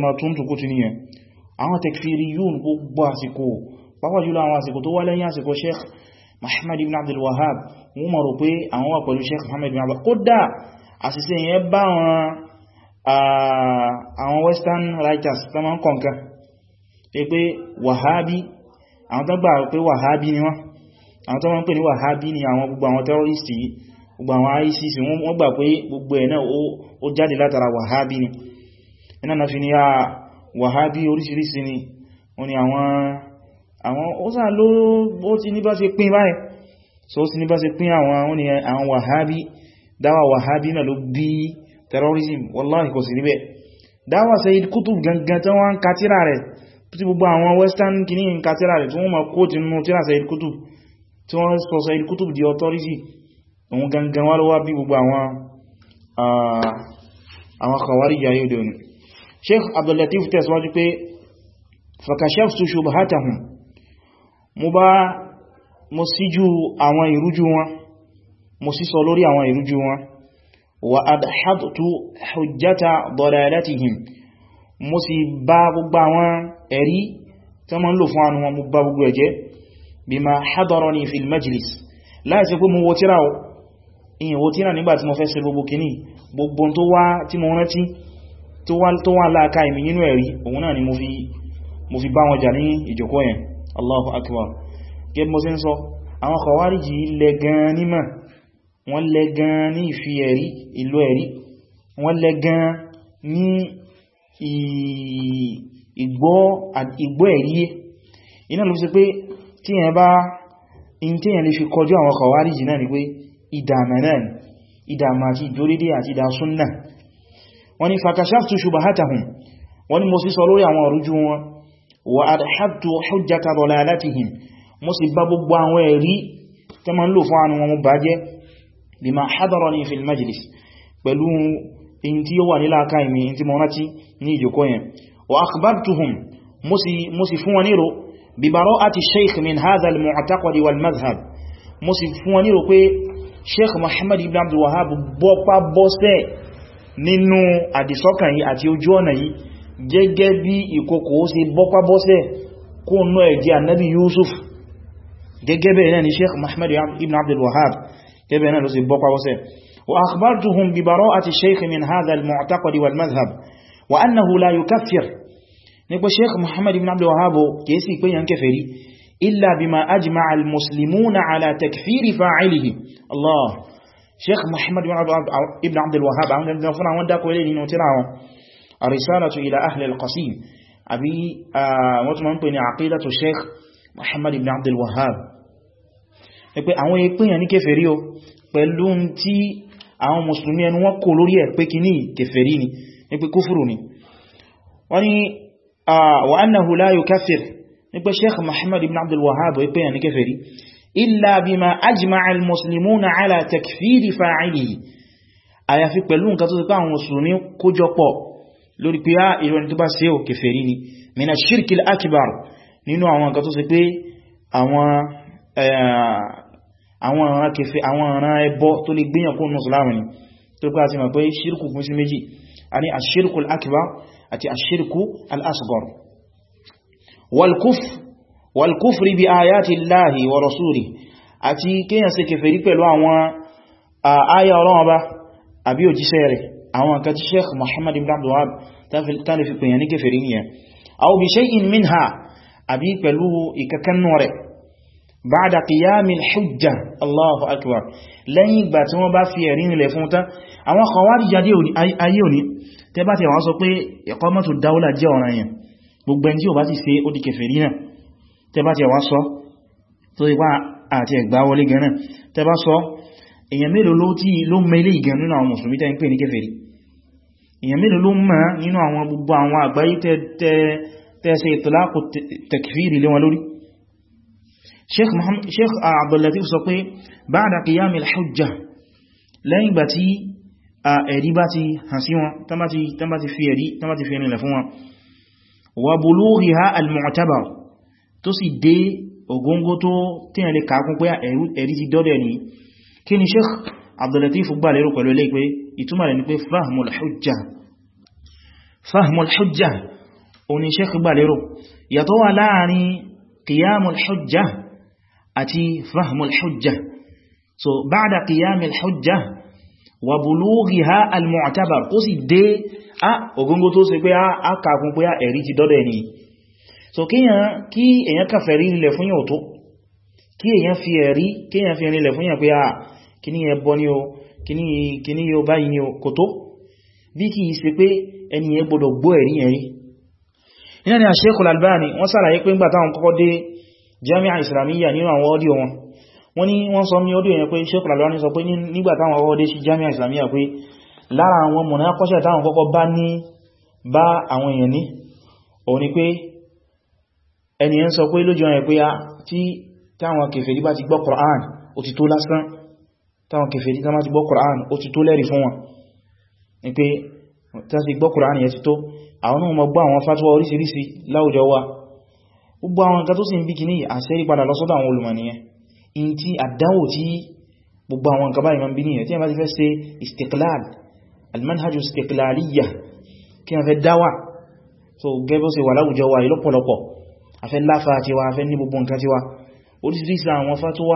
máa tún tukútu àwọn tẹkfìrí Muhammad ibn Abdul Wahhab wọ́n mọ̀ rò pé àwọn wà pẹ̀lú Sheikh Muhammad ibn Abdul kódà àṣìṣe yẹn bá àwọn western writers tó máa ń kọ̀ǹkà pé Wahhabi àwọn tó gbà pé Wahhabi ni wọ́n àwọn tó máa ń pè ní Wahhabi ni àwọn gbogbo àwọn terrorist yìí gbogbo àwọn ISIS àwọn àwọn ọ́sà ló bó ti ní bá ṣe pín báyẹ̀ so ó ti ní bá ṣe pín àwọn àwọn ènìyàn àwọn wàhábí dáwà wàhábí náà ló bí terrorism wallahi kò sí níbẹ̀ dáwà Sayyid Qutb gangan tán wá ń katira rẹ̀ tí gbogbo àwọn western kìíní ń katira rẹ̀ tí wọ́n ma kó ti nú tíra Sayyid Qutb tí wọ́n sọ Sayyid Qutb mo bá mo síjú àwọn ìrújú wọn mo sísọ lórí àwọn ìrújú wọn wa adhadtu hujjata dalalatihim mo sì bá gbogbo àwọn ẹ̀rí tí wọ́n lò fún àánú wọn mo bá gbogbo ẹ̀jẹ́ bima hadarani fil majlis láìsí pé mo wọ tíra o ìyìn wọ tíra nígbà tí mo fẹ́ ṣe gbogbo kìíní gbogbo tó wá tí mo rántí tó wá láàká ìmì nínú ẹ̀rí òun náà ni mo fi bá wọn jà ní ìjòkó yẹn Allahu akbar gẹ́gẹ́ mo ṣe ń sọ àwọn kọwàríjì lẹ gan nímọ̀ wọ́n lẹ gan ní ìfi ẹ̀rí ìlú ẹ̀rí wọ́n lẹ gan ní ìgbọ́ ẹ̀ríyé iná ló ṣe pé tí yẹn bá in tí yẹn lè fi kọjú àwọn kọwàríjì náà ni pé ìdàmà náà ni ìdàmà àti wa adhabtu hujjata dhalalatihim mo sì bá gbogbo àwọn ẹ̀rí tẹ́ ma ń lò fún àwọn ọmọ bàjẹ́ lima hadarani fil majlis pẹ̀lú in tí ó wà nílá káì mi in tí mọ́ rántí ní ìjòkó yẹn wa akhbartuhum mo sì fún wọn níro bi bara'ati sheikh min hadha al-mu'taqad wal madhhab mo sì fún wọn níro pé sheikh muhammad ibn abdul wahhab bọ́pá bọ́sẹ̀ nínú àdìsọ́kàn yìí àti ojú ọ̀nà yìí gẹ́gẹ́ bí ìkòkò ó sì bọ́pá bọ́sẹ̀ kó nọ ẹ̀jẹ̀ annabi yusuf gẹ́gẹ́ bẹ̀rẹ̀ náà ni sheikh mahmad ibn abdul wahab gẹ́gẹ́ náà ló sì bọ́pá bọ́sẹ̀ wa akhbartuhum bi bara'ati sheikh min hadha al sheikh mahmad ibn abdul wahab kìí sì pé yan kèfèrí illa bima ajma'a allah sheikh mahmad ibn abdul wahab àwọn da fún àwọn da ilé nínú tírà wọn الرسالة إلى أهل القصيم أبي وطمان بني عقيدة الشيخ محمد بن عبد الوهاب pé àwọn èpèyàn ní kèfèrí o pẹ̀lú tí àwọn mùsùlùmí ẹnu wọn kò lórí ẹ̀ pé kí ní kèfèrí ni ní pé kúfùrù ni wọ́n ni wa annahu la yukaffir ní pé sheikh Muhammad ibn Abdul Wahhab èpèyàn ní kèfèrí illa bima ajma'a al ala takfiri fa'ilihi àyàfi pẹ̀lú nǹkan tó ti pé àwọn mùsùlùmí kójọpọ̀ lórí pé á ah, ìrọni tó bá ṣe ò kèfèrí ni mina shirkil akibar nínú àwọn nǹkan tó ṣe pé àwọn ọ̀rán eh, kèfè àwọn ọ̀rán ẹbọ tó lè gbíyàn kún ní ìsìlámù ni tó pé a ti mọ̀ pé shirku fún sí méjì a ní ashirku al'akibar àti ashirku al'asgar walkufri bi ayati Allahi wa rasuli àti kíyàn ṣe kèfèrí pẹ̀lú àwọn ah, aya Ọlọ́run Ọba àbí òjíṣẹ́ rẹ̀ àwọn kan tí sheikh muhammad ibn abdul wahab tàbí fi pèyàn ní kèfèrí ní ẹ àwọn bí shay'in minha àbí pẹ̀lú ìkakannu rẹ̀ ba'da qiyamil hujja allahu akbar lẹ́yìn ìgbà tí wọ́n bá fi ẹ̀rí nílẹ̀ fún tán àwọn khawarij ayé òní tẹ́ bá tẹ̀ wọ́n sọ pé iqamatu dawla jẹ́ ọ̀ràn yẹn gbogbo ẹni tí ó bá sì ṣe ó di kèfèrí náà tẹ́ bá tẹ̀ wọ́n sọ tó ipá àti èyàn mélòó ló mọ̀ nínú àwọn gbogbo àwọn àgbáyé tẹ́ẹ̀ṣẹ́ ìtìláàkù tẹ̀kìfìrì lé wọn lórí sheikh ah, abdullatif sọ pé ba'da qiyamil hujja lẹ́yìn ìgbà tí ẹ̀rí bá ti hàn sí wọn tán bá ti fi ẹ̀rí tán bá ti fi ẹ̀rìnlẹ̀ fún wọn wa bulughiha al-mu'tabar tó sì dé ògóngó tó tíyàn abdullatif gbà lérò pẹ̀lú ilé pé ìtumọ̀ rẹ̀ ni pé fahmul hujja fahmul hujja oní sheikh gbalero yàtọ̀ wà láàrin qiyamul hujja àti fahmul hujja so ba'da qiyamul hujja wa bulughiha al-mu'tabar ó sì dé a ogungo tó ṣe pé a kàkún pé a ẹ̀rí ti dọ́dọ̀ ẹni so kí èyàn kàfẹ̀rí ilẹ̀ fún yàn tó kí èyàn fi ẹ̀rí kí èyàn fi ẹ̀rí ilẹ̀ fún yàn pé a kí ní ẹbọ ní o kíní yóò báyìí ní kò tó bí kìí ṣe pé ẹni yẹn gbọdọ̀ gbọ́ ẹ̀rí ẹ̀rí iná ni Sheikh Al-Albani wọ́n sàlàyé pé ńgbà táwọn kọ́kọ́ dé Jami'a Islamiyya nínú àwọn ọdí wọn wọ́n ní wọ́n sọ ní ọdí yẹn pé Sheikh al sọ pé nígbà táwọn kọ́kọ́ dé sí Jami'a Islamiyya pé lára àwọn mọ̀nàkọ́ṣẹ́ táwọn kọ́kọ́ bá ní bá àwọn èèyàn ni pé ẹni yẹn sọ pé lójú ọ̀rẹ́ pé tí táwọn kèfèrí bá Qur'an ó ti táwọn kèfèrí tán bá ti gbọ́ Kùránì ó ti tó lẹ́rí fún wọn ní pé tán ti gbọ́ Kùránì yẹ ti tó àwọn náà mọ̀ gbọ́ àwọn fatuwa oríṣiríṣi láwùjọ wa gbogbo àwọn nǹkan tó sì ń bí kìíní àṣẹ́rí padà lọ́sọ́dọ̀ àwọn olùmọ̀ nìyẹn in ti àdánwò tí gbogbo àwọn nǹkan báyìí ma ń bí nìyẹn tí a bá ti fẹ́ ṣe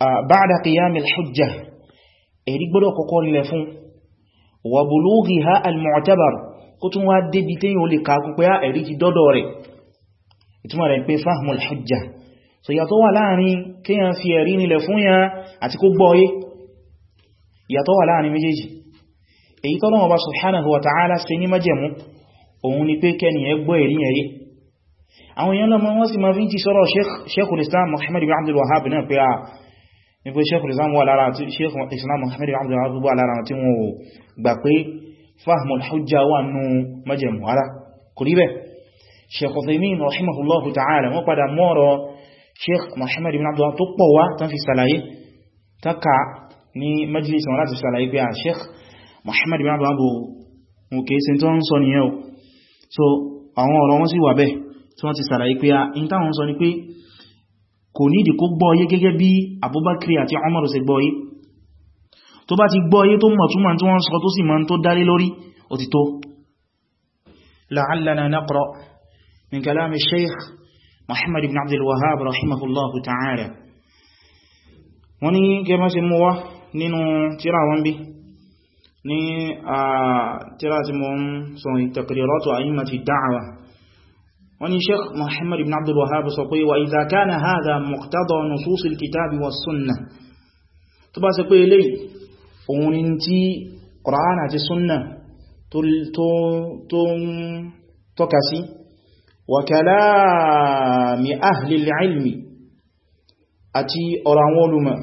Ah, ba'da qiyamil hujjah ẹ̀rí gbọ́dọ̀ kọ́kọ́ lẹ fún wa bulughiha al-mu'tabar kó tún wá débi tí yíò lè kàákùn pé ah, ẹ̀rí ti dọ́dọ̀ rẹ̀ ìtumọ̀ rẹ̀ pé fahmul hujjah so yàtọ̀ wà láàrin kíyàn fi ẹ̀rí nílẹ̀ fún yàn àti kó gbọ́yé yàtọ̀ wà láàrin méjèèjì èyí tọ́lọ́ ọba subhanahu wa ta'ala ṣe ní májẹ̀mú òun ni pé kẹni ẹ gbọ́ ẹ̀rí ẹ̀rí àwọn èèyàn lọ́mọ wọ́n sì ma fi ń ti sọ́rọ̀ Sheikhul Islam Muhammad ibn náà pé a ah, ní pé sheikh rizam wà lára àti sheikh islam muhammad abdul abu wà lára àti wọn ò gbà pé fahmul hujja wà nù májẹ̀mú ara kò rí bẹ́ẹ̀ sheikh uthaymin rahimahullahu ta'ala wọ́n padà mọ́rọ̀ sheikh muhammad ibn abdul tó pọ̀ wá tán fi sàlàyé tán ka ní majlis wọn láti sàlàyé pé a sheikh muhammad ibn abdul abu mo kìí sin tó ń sọ nìyẹn o so àwọn ọ̀rọ̀ wọn sì wà bẹ́ẹ̀ tí wọ́n ti sàlàyé pé a in táwọn sọ ni pé kò nídì kó gbọ́ọ̀yé gẹ́gẹ́ bí Abubakar àti Umar ṣe gbọ́ọ̀yé tó bá ti gbọ́ọ̀yé tó mọ̀ túnmọ̀ tí wọ́n sọ tó sì mọ̀ tó dálé lórí ó ti tó la'allana naqra min kalami sheikh Muhammad ibn Abdul Wahhab rahimahullahu ta'ala wọ́n ní wọ́n ní sheikh muhammad ibn abdul wahhab sọ pé wa idha kana hadha muqtada nusus al-kitab wa sunnah tó bá ṣe pé eléyìí òun ni tí quran àti sunnah tó ń tọ́ka sí wa kalami ahli al-ilmi àti ọ̀rọ̀ àwọn olùmọ̀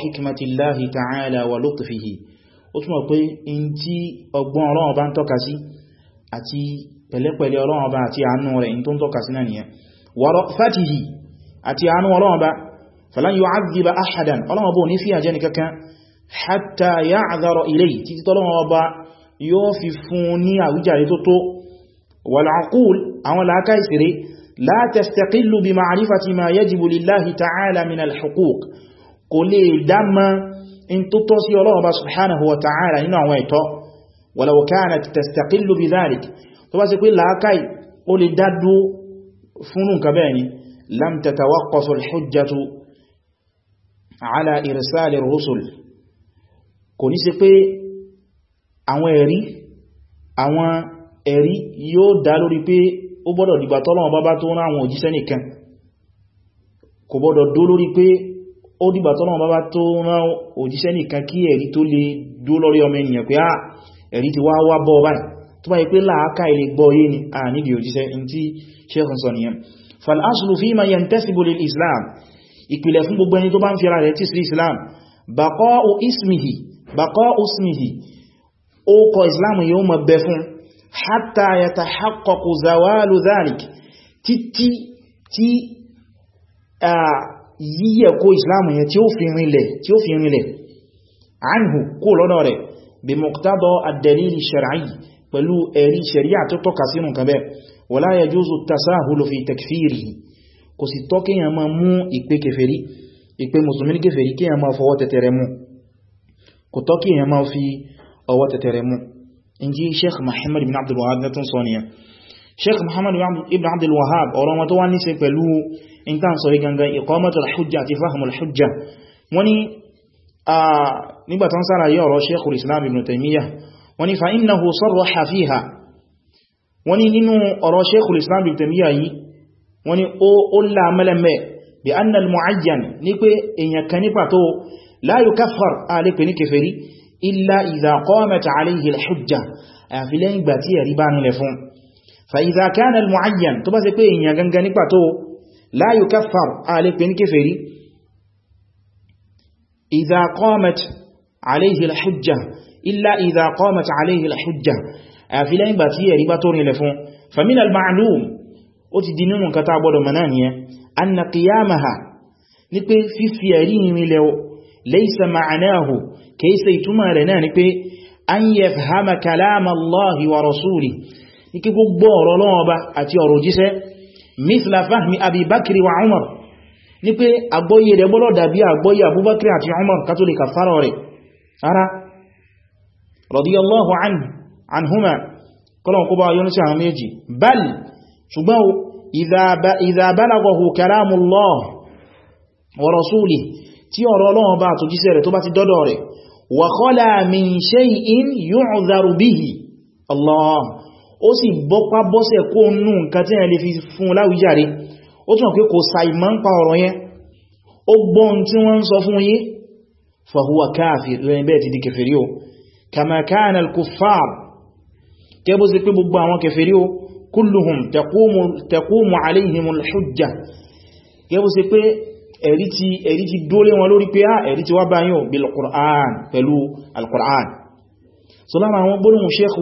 hikmatillahi ta'ala wa lutfihi ó túnmọ̀ pé in tí ọgbọ́n ọlọ́run bá ń tọ́ka sí àti pẹ̀lẹ́pẹ̀lẹ́ ọlọ́run ọba àti àánú rẹ̀ in tó ń tọ́ka sí náà nìyẹn wa ra'fatihi àti àánú ọlọ́run ọba falan yu'adhdhiba ahadan ọlọ́run ọba ò ní fìyà jẹ ni kankan hatta ya'dhara ilayhi títí tó bá ṣe pé làákàí ó lè dádó fún nǹkan bẹ́ẹ̀ ni lam tatawaqqaf al-hujjatu ala irsal ar-rusul kò ní ṣe pé àwọn ẹ̀rí àwọn ẹ̀rí yóò dá lórí pé ó gbọ́dọ̀ dìgbà tọ́lọ́wọ́ bá bá tó rán àwọn òjíṣẹ́ nìkan kò gbọ́dọ̀ dó lórí pé ó dìgbà tọ́lọ́wọ́ bá bá tó rán òjíṣẹ́ nìkan kí ẹ̀rí tó lè dó lórí ọmọ ènìyàn pé á ah, ẹ̀rí ti wá wá bọ́ báyìí tó bá yí pé láàká ilé gbọ́ yé ni a nídi òjíṣẹ́ in tí ṣeéhùn sọ nìyẹn fal'aslu fi ma yantasibu lil islam ìpìlẹ̀ fún gbogbo ẹni tó bá ń fi ara rẹ̀ tí sí islam baqa'u ismihi baqa'u ismihi ó kọ islam yóò mọ̀ bẹ bi muqtada ad-dalil ash-shar'i pẹ̀lú ẹ̀rí ṣẹ̀ríà tó tọ́ka sínú kan bẹ́ wala yajuzu tasahulu fi takfirihi kò sì tọ́ kíyàn máa mú ìpé kèfèrí ìpé mùsùlùmí ní kèfèrí kíyàn máa fọwọ́ tẹ̀tẹ̀rẹ mú kò tọ́ kíyàn máa fi ọwọ́ tẹ̀tẹ̀rẹ mú in ji sheikh muhammad ibn abdul wahab na tún sọniya sheikh muhammad ibn abdul wahab ọ̀rọ̀ wọn tó wá ní ṣe pẹ̀lú in tán gangan iqamatul hujja àti fahmul hujja wani a nígbàtán sára yí ọ̀rọ̀ sheikhul islam ibn taymiyyah wọ́n ní fa'innahu sarraha fiha wọ́n ní nínú ọ̀rọ̀ sheikhul islam bin tamiya yìí wọ́n ní ó lámẹ́lẹ́mẹ́ bí annal mu'ayyan ní pé èyàn kan ní pàtó la yukaffar alẹ́ pé ní kèfèrí illa idha tó bá ṣe pé ní pàtó la yukaffar illa idha qamat alayhi al-hujja àfi lẹ́yìn bá tí ẹ̀rí bá tó rinlẹ̀ fún famin al-ma'lum ó ti di nínú nǹkan tá gbọ́dọ̀ mọ̀ náà nìyẹn anna qiyamaha ní pé fífi ẹ̀rí rinlẹ̀ laysa ma'nahu kèése ìtumọ̀ rẹ̀ náà ni pé an yafhama kalam Allah wa rasulihi ní kí gbogbo ọ̀rọ̀ Ọlọ́run Ọba àti ọ̀rọ̀ jíṣẹ́ mithla fahmi Abi Bakri wa Umar ní pé àgbọ́yé rẹ̀ gbọ́dọ̀ dàbí àgbọ́yé Abubakar àti Umar katolika fara rẹ̀ ara radiyallahu anhuma kọlọ̀n kó bá yọ́n sí àwọn méjì bal ṣùgbọ́n idha balaghahu kalamullah wa rasulih tí ọ̀rọ̀ Ọlọ́run bá tó jíṣẹ́ rẹ̀ tó bá ti dọ́dọ̀ rẹ̀ wa khala min shay'in yu'dharu bihi Allah ó sì bọ́pá bọ́sẹ̀ kó nù nǹkan tí ẹ̀ lè fi fún láwíjàre ó túnmọ̀ pé كما كان الكفار كبو سي بوبو àwọn kèfèrí كلهم تقوم تقوم عليهم الحجه كبو سي pé ẹ̀rí tí ẹ̀rí tí dole wọn lórí pé ah ẹ̀rí tí wá bá yín bil qur'an pẹ̀lú al qur'an so la àwọn bonu sheikh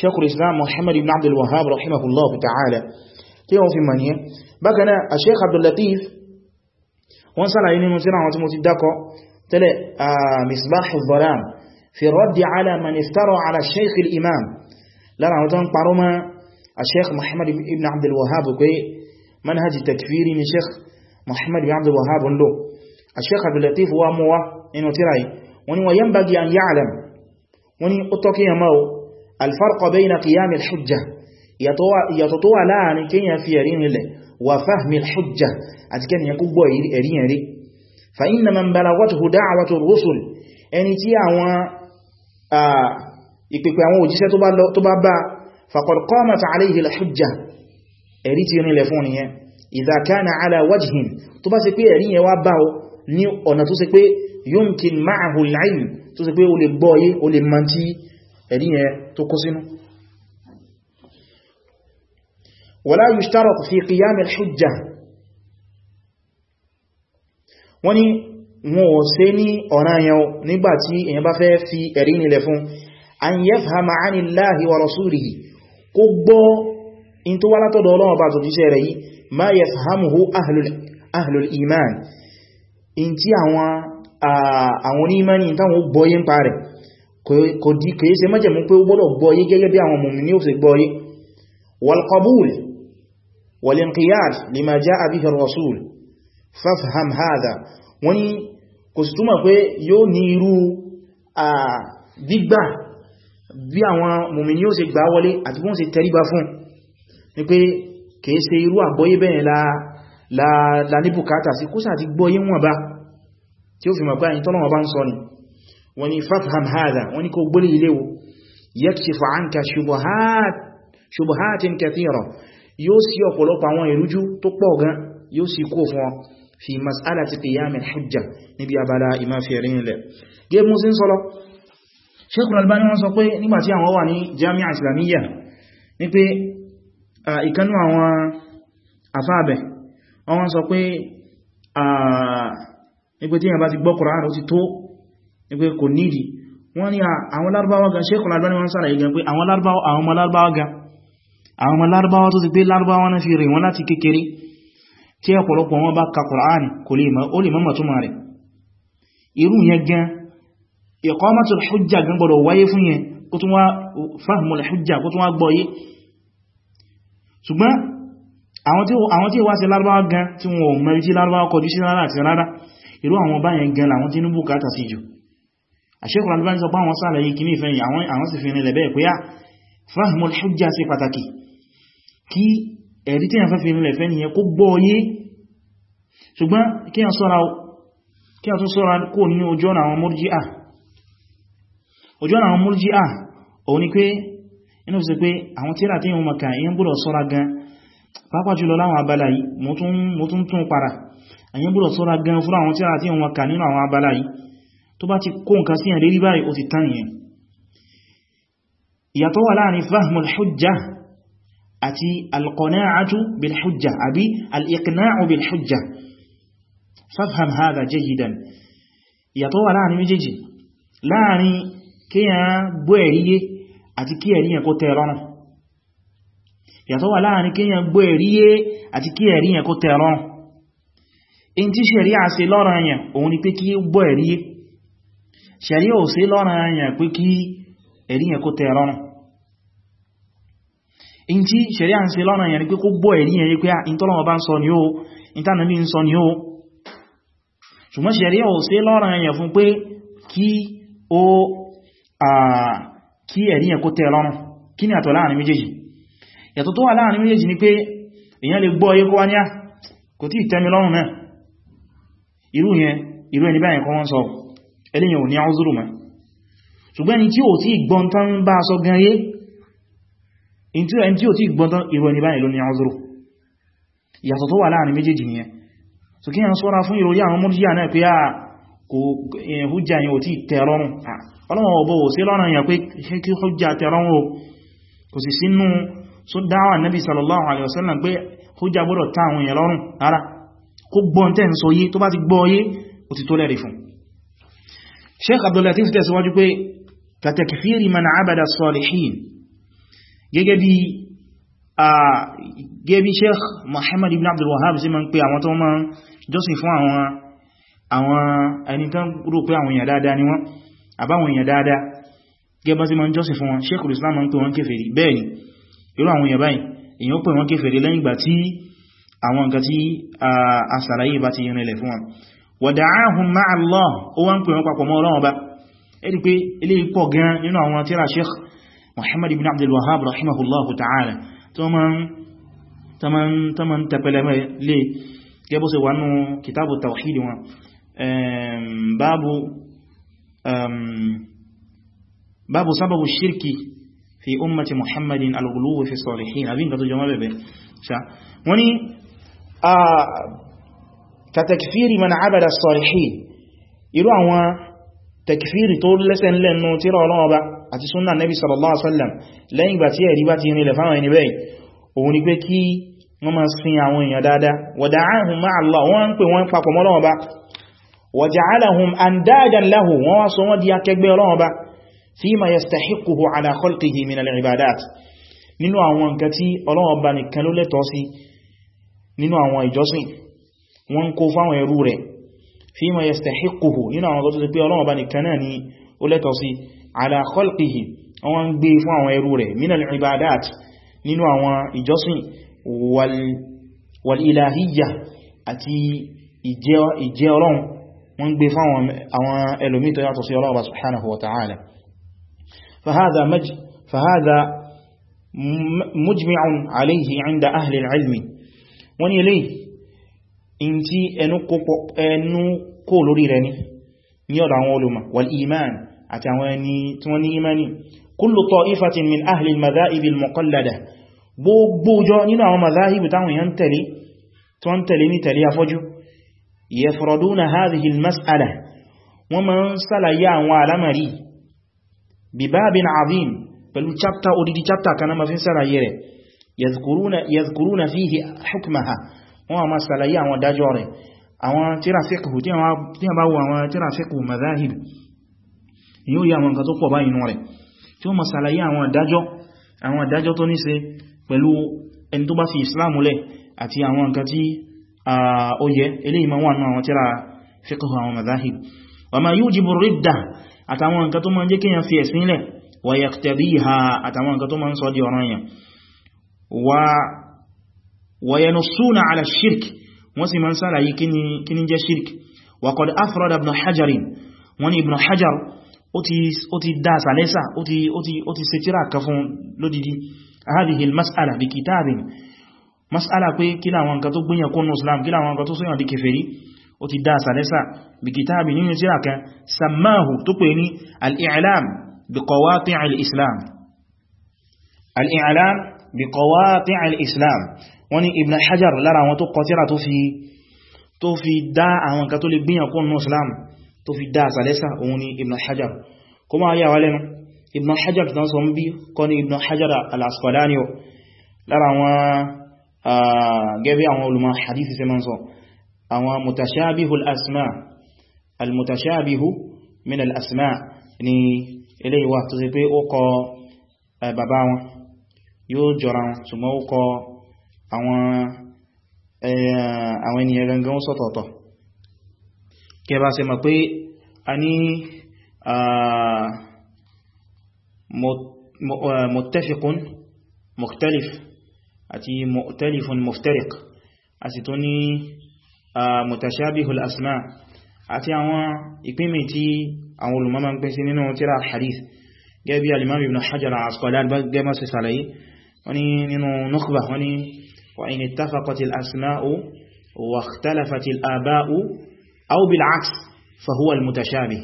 sheikh islam muhammad ibn abd al wahhab rahimahullah ta'ala tí wọ́n fi mani bakana a sheikh abdul latif wọ́n sala yin mu sira àwọn tí mo ti dako tẹ́lẹ̀ ah misbah al-dhalam في الرد على من افترى على الشيخ الإمام لنا عدوان قرما الشيخ محمد بن عبد الوهاب منهج تكفيري من الشيخ محمد بن عبد الوهاب له الشيخ عبد اللطيف هو موى إنه تراي وني وينبغي أن يعلم وني أتوكي مو الفرق بين قيام الحجة يتطوى لان في يفيرين له وفهم الحجة أتكن يقبوا إرين ري فإن من بلغته دعوة الرسل أن يعني تيعوا ìpèpè àwọn òjíṣẹ́ tó bá bá faqad qamat alayhi al-hujja ẹ̀rí ti rinlẹ̀ fún nìyẹn idha kana ala wajhin tó bá ṣe pé ẹ̀rí yẹn wá bá ọ ní ọ̀nà tó ṣe pé yumkin ma'ahu wọn ò ṣe ní ọ̀ranyàn nígbàtí èyàn bá fẹ́ fi ẹ̀rí nílẹ̀ fún an yafhama anillahi wa rasulihi kó gbọ́ in tó wá látọ̀dọ̀ Ọlọ́run bá tòjíṣẹ́ rẹ̀ yìí ma yafhamuhu ahlul iman in tí àwọn onímani táwọn gbọ́yé ń pa rẹ̀ kò dí kìí ṣe mẹ́jẹ̀mú pé ó gbọ́dọ̀ kò sì túmọ̀ pé yóò ní irú gbígbà bí àwọn mùmínì yóò ṣe gbà wọlé àti bí wọ́n ṣe tẹríba fún ní pé kìí ṣe irú àgbọ́yé bẹ́ẹ̀ la ní bùkátà sí kó sàti gbọ́yé wọn bá tí ó fi mọ̀ pé àyíntọ́ náà bá ń sọ ni wọ́n ni fafham hadha wọ́n ni kó gbólé ilé wo yakshifu anka shubuhatin kathira yóò sí ọ̀pọ̀lọpọ̀ àwọn ìrújú tó pọ̀ gan yóò sì kó fún ọ fi mas'alati qiyamil hujja níbi abala ìmá fi rí ilẹ̀ gẹ́gẹ́ musin sọ́lọ́ Sheikhul Albani wọ́n sọ pé nígbàtí àwọn wà ní jami'a islamiyya ní pé ìkanú àwọn afáàbẹ̀ wọ́n sọ pé nígbé tí yàn bá ti gbọ́ Qur'an ó ti tó nígbé kò nídi wọ́n ní àwọn lárúbáwá gan Sheikhul Albani wọ́n sára igan àwọn lárúbáwá gan àwọn lárúbáwá tó ti pé lárúbáwá náà fi rè wọ́n láti kékeré tí ọ̀pọ̀lọpọ̀ wọn bá ka Kùránì kò lè mọ̀ ó lè mọ̀ túnmà rẹ̀ irú yẹn gan iqamatul hujja gan gbọdọ̀ wáyé fún yẹn kó tún wá fahmul hujja kó tún wá gbọ́yé ṣùgbọ́n àwọn tí wá sí lárúbáwá gan tí wọn ò mẹ́rí tí lárúbáwá kọjú sí rárá àti rárá irú àwọn báyẹn gan làwọn tí ní ẹ̀rí tí a fẹ́ fi rinlẹ̀ fẹ́ nìyẹn kó gbọ́ yé ṣùgbọ́n kí a sọ́ra kó ní ojú ọ̀nà àwọn murji'a ojú òun ni pé inú sí pé àwọn tíra tí wọ́n maka èyàn gbọ́dọ̀ sọ́ra gan pàápàá jùlọ láwọn abala yìí mo tún tún para èyàn gbọ́dọ̀ sọ́ra gan fún àwọn tíra tí wọ́n maka nínú àwọn abala yìí tó bá ti kó nǹkan sí ẹ̀rí báyìí ó ti tán yẹn ìyàtọ̀ wà láàrin fahmul hujjah àti alqana'atu bilhujja àbí al'iqna'u bilhujja fafham hadha jayidan ìyàtọ̀ wà láàrin méjèèjì láàrin kí a gbọ́ ẹ̀ríyé àti kí ẹ̀ríyàn kó tẹ̀rọ̀nà ìyàtọ̀ wà láàrin kí a gbọ́ ẹ̀ríyé àti kí ẹ̀ríyàn kó tẹ̀rọ̀nà in ti ṣẹ̀ríà ṣe lọ́rọ̀ òun ni pé kí gbọ́ ẹ̀ríyé ṣẹ̀ríà ò ṣe lọ́rọ̀ pé kí ẹ̀ríyàn kó in tí ṣẹ̀rí à ń ṣe lọ́nà yẹn ni pé kó gbọ́ ẹ̀rí yẹn pé nsọ bá ń sọ ni ó ìtànàbí ń sọ ni ó ṣùgbọ́n ṣẹ̀rí ò ṣe lọ́nà yẹn fún pé kí kí ẹ̀rí a kí ni àtọ̀ láàrin méjèèjì yàtọ̀ tó wà láàrin méjèèjì ni pé èyàn lè gbọ́ tí ò in ah, eh, ah, oh, tí ẹn tí ó ti gbọ́ntán ìrọ̀ ní báyìí ló ní ọzọrọ̀ ìyàtọ̀ tó wà láàrin méjèèjì nìyẹn so kí yàn sọ́ra fún ìròyìn àwọn mọ́rùjíà náà pé àà kò hujja yìí ò tí tẹ̀rọrùn ọlọ́wọ́ ọ̀bọ̀ ò sí lọ́nà yà pé kí hujja tẹ̀rọrùn o kò sì sínú só dáwà nabi sallallahu alaihi wasallam pé hujja gbọ́dọ̀ ta abada salihin gẹ́gẹ́ bí gẹ́bí sheikh Muhammad ibn Abdul Wahhab sí ma ń pè àwọn tó ma ń jọ́sìn fún àwọn ẹni tán rò pé àwọn èèyàn dáadáa ni wọ́n àbáwọn èèyàn dáadáa gẹ́bá sí ma ń jọ́sìn fún wọn Sheikhul Islam ma ń pè wọ́n kèfèrí bẹ́ẹ̀ ni irú àwọn èèyàn báyìí èèyàn pè wọ́n kèfèrí lẹ́yìn ìgbà tí àwọn nǹkan tí Muhammad ibn Abdul Wahhab rahimahullahu ta'ala tó ma ń tẹpẹlẹmẹ lè gẹ́bọ́ sí wánú kitabu tawhid wọn babu babu sababu shirki fi ummati Muhammadin al-ghuluw fi salihin abin ka tó jọmọ́ bẹ̀bẹ̀ ṣá wani a ka takfiri man abada salihin irú àwọn takfiri tó lẹ́sẹ̀ lẹ́nu tíra ọlọ́ọba àti súnnà nẹ́bí sallallahu alaihi wasallam lẹ́yìn ìgbà tí ẹ̀rí bá ti rinlẹ̀ fáwọn ẹni bẹ́ẹ̀ òun ni pé kí wọ́n máa sin àwọn èèyàn dáadáa wada'ahum ma'a Allah wọ́n ń pè wọ́n papọ̀ mọ́ Ọlọ́run Ọba waja'alahum andadan lahu wọ́n wá sọ wọ́n di akẹgbẹ́ Ọlọ́run Ọba fima yastahiquhu ala nínú àwọn nǹkan tó ti pé Ọlọ́run Ọba nìkan náà ni ó lẹ́tọ̀ọ́ sí ala khalqihi àwọn ń gbé fún àwọn ẹrú rẹ̀ minal ibadat nínú àwọn ìjọsìn wal ilahiyya àti ìjẹ́ ọlọ́run wọ́n gbé fún àwọn ẹlòmí tó yàtọ̀ sí ọlọ́run subhanahu wa ta'ala fahadha mujmi'un alayhi 'inda ahli al-'ilmi wọ́n ni eléyìí in tí ẹnu kò lórí rẹ̀ ni ní ọ̀dọ̀ àwọn olùmọ̀ wal iman àti àwọn ẹni tí wọ́n ní imani kullu ta'ifatin min ahli al-madhahib al-muqallada gbogbo jọ nínú àwọn madhahib táwọn èèyàn tẹ̀lé tí wọ́n tẹ̀lé ní tẹ̀lé afọ́jú yafraduna hadhihi al-mas'ala wọ́n ma ń sàlàyé àwọn alamari bi babin azim pẹ̀lú chapter odidi chapter kan náà ma fi ń sàlàyé rẹ̀ yadhkuruna fihi hukmaha wọ́n ma sàlàyé àwọn dájọ́ rẹ̀ àwọn tíra fiqhu tí a bá yíó yí àwọn nǹkan tó pọ̀ bá inú rẹ̀ tí ó mọ̀ sàlàyé àwọn àdájọ́ àwọn àdájọ́ tó ní ṣe pẹ̀lú ẹni tó bá fi ìsìláàmù lẹ̀ àti àwọn nǹkan tí ó yẹ eléyìí ma wà nínú àwọn tíra fiqh àwọn mazahib wa ma yujibu ridda àtàwọn nǹkan tó ma ń jẹ́ kíyàn fi ẹ̀sìn lẹ̀ wa yaqtadiha àtàwọn nǹkan tó ma ń sọ di ọ̀ràn yẹn wa ni ibn hajar ó ti dá sàlẹ́sà ó ti ṣe tíra kan fún lódìdí ahadihil mas'ala bí kitabin mas'ala pé kí láwọn nǹkan tó gbìyàn kún islam kí láwọn nǹkan tó sóyàn di kèfèrí ó ti dá sàlẹ́sà bí kitabin nínú tíra kan samahu tó pè ní al'i'lam bí qawati' al-islam al'i'lam bí qawati' al-islam tó fi dá àsàlẹ́sà òun ni ibn hajar kó máa yà wá lẹ́nu ibn hajar tán sọ ń bí kọ́ ní ibn hajar al-asqalani o lára àwọn gẹ́gẹ́ àwọn olùmọ̀ hadith sí mọ́ sọ àwọn mutashabihu al-asma al-mutashabihu min al kẹba ṣe mọ̀ pé a ní muttafiqun mukhtalif àti mukhtalifun muftariq a sì tó ní mutashabihul asma àti àwọn ìpínmì tí àwọn olùmọ́mọ́ ń pín sí nínú tírà hadith gẹ́gẹ́ bí al-imam ibn hajar al-asqalani gẹ́gẹ́ sí sàlàyé wani nínú nukhbah wani wa in ittafaqatil asma'u wa ikhtalafatil aba'u أو بالعكس فهو المتشابه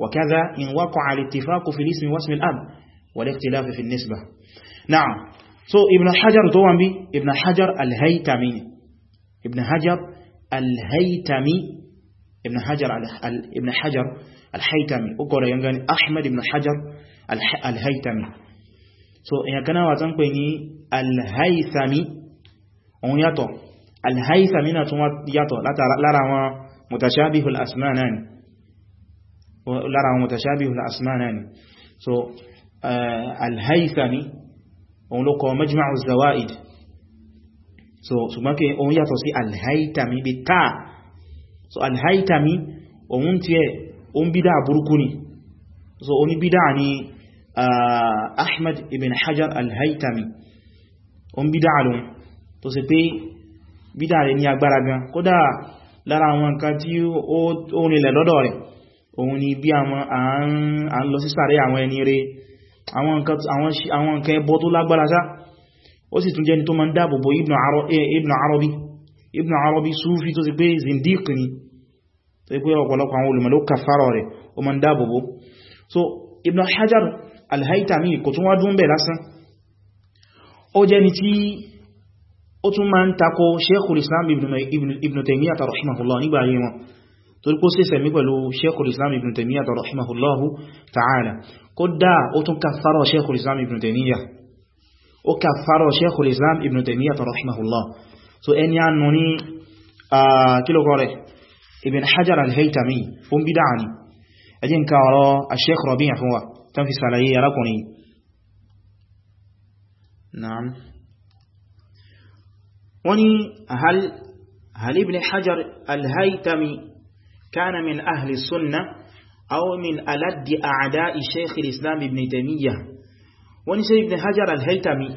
وكذا إن وقع الاتفاق في الاسم واسم الأب والاختلاف في النسبة نعم so ابن يعني حجر طوان بي ابن حجر الهيتمي ابن حجر الهيتمي ابن حجر ابن حجر الهيتمي اقرا ينغاني أحمد ابن حجر الهيتمي سو so èyàn kan náà wà tán pè ní alhaithami òun yàtọ̀ لا náà متشابه الأسمانان ولرعه متشابه الأسمانان so, uh, الهيثمي ولوكو مجمع الزوائد so, so ماكي اون يتوسي الهيثمي بتا so الهيثمي اون تيه اون بدا بركوني so اون بدا عني uh, أحمد بن حجر الهيثمي اون بدا علوم تو سي بي بدا علي نياك بارابيان lára àwọn nǹkan tí ó nílẹ̀ lọ́dọ̀ rẹ̀ òun ni bí a ń lọ sí sàárẹ̀ àwọn ẹni rẹ̀ àwọn nǹkan ẹbọ tó lágbára sá ó sì tún jẹ́ ni tó máa ń dáàbòbò Ibn eh, Arabi Ibn Arabi Sufi tó sì pé zindiq ni tó sì pé ọ̀pọ̀lọpọ̀ àwọn olùmọ̀ló kàfàrọ̀ rẹ̀ ó máa ń dáàbòbò so Ibn Hajar al-Haytami kò tún wá dún bẹ̀ lásán ó jẹ́ ni tí ó tún máa ń takò sheikhul islam ibn taimiyyata rahimahullah nígbà ayé wọn torí kó sẹ́sẹ̀ mí pẹ̀lú sheikhul islam ibn taimiyyata rahimahullah ta'ala kó dá ó tún kàfàrọ̀ sheikhul islam ibn taimiyya ó kàfàrọ̀ sheikhul taimiyyata rahimahullah so ẹni annu ní kílọ̀kọ́ rẹ̀ ibn hajar al-haytami fún bídá ni ẹjẹ́ nǹkan ọ̀rọ̀ a sheikh rabi' fún wa tán na'am wọ́n ni hal ibn hajar al-haytami kana min ahli sunna aw min aladdi a'da'i shaykh al-islam ibn taymiyyah wọ́n ni ṣe ibn hajar al-haytami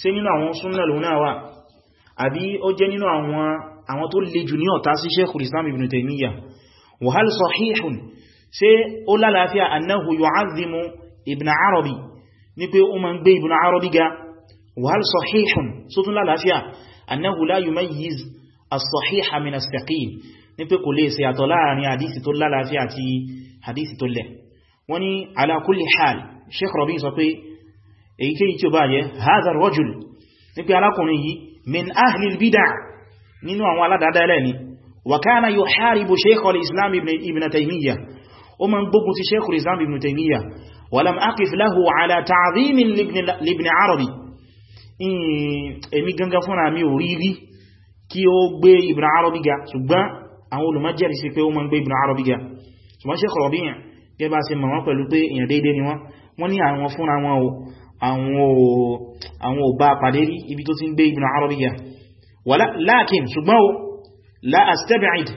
ṣé nínú àwọn sunna lòun náà wà àbí ó jẹ́ nínú àwọn tó le jù ní ọ̀tá sí shaykh islam ibn taymiyyah wa sahihun ṣé ó lálàáfíà annahu yu'azzimu ibn arabi ní pé ó ma ń gbé ibn arabi ga wa hal sahihun sótún lálàáfíà annahu la yumayyiz as-sahiha min as-saqim ní pé kò lè ṣe àtọ̀ láàrin hadisi tó lálàáfíà àti hadisi tó lẹ̀ wọ́n ní ala kulli hal sheikh rabi sọ pé èyíkéyìí tí ó bá yẹ hadha ar-rajul ní pé alákùnrin yìí min ahli al-bid'ah nínú àwọn aládàádáẹ́lẹ̀ ni wa kana yuharibu sheikh al-islam ibn taymiyyah ó ma ń gbógun ti sheikh al-islam ibn taymiyyah wa lam aqif lahu ala ta'dhim libn arabi èmi gangan fúnra mi ò rí rí kí ó gbé Ibn Arabi ga ṣùgbọ́n àwọn olùmọ̀ jẹ́rìí sí pé ó máa ń gbé Ibn Arabi ga ṣùgbọ́n Sheikh Rabi' gẹ́ bá ṣe mọ̀ wọ́n pẹ̀lú pé èèyàn déédé ni wọ́n wọ́n ní àwọn fúnra wọn o àwọn ò bá pàdé rí ibi tó ti ń gbé Ibn Arabi ga lakin ṣùgbọ́n o la astab'id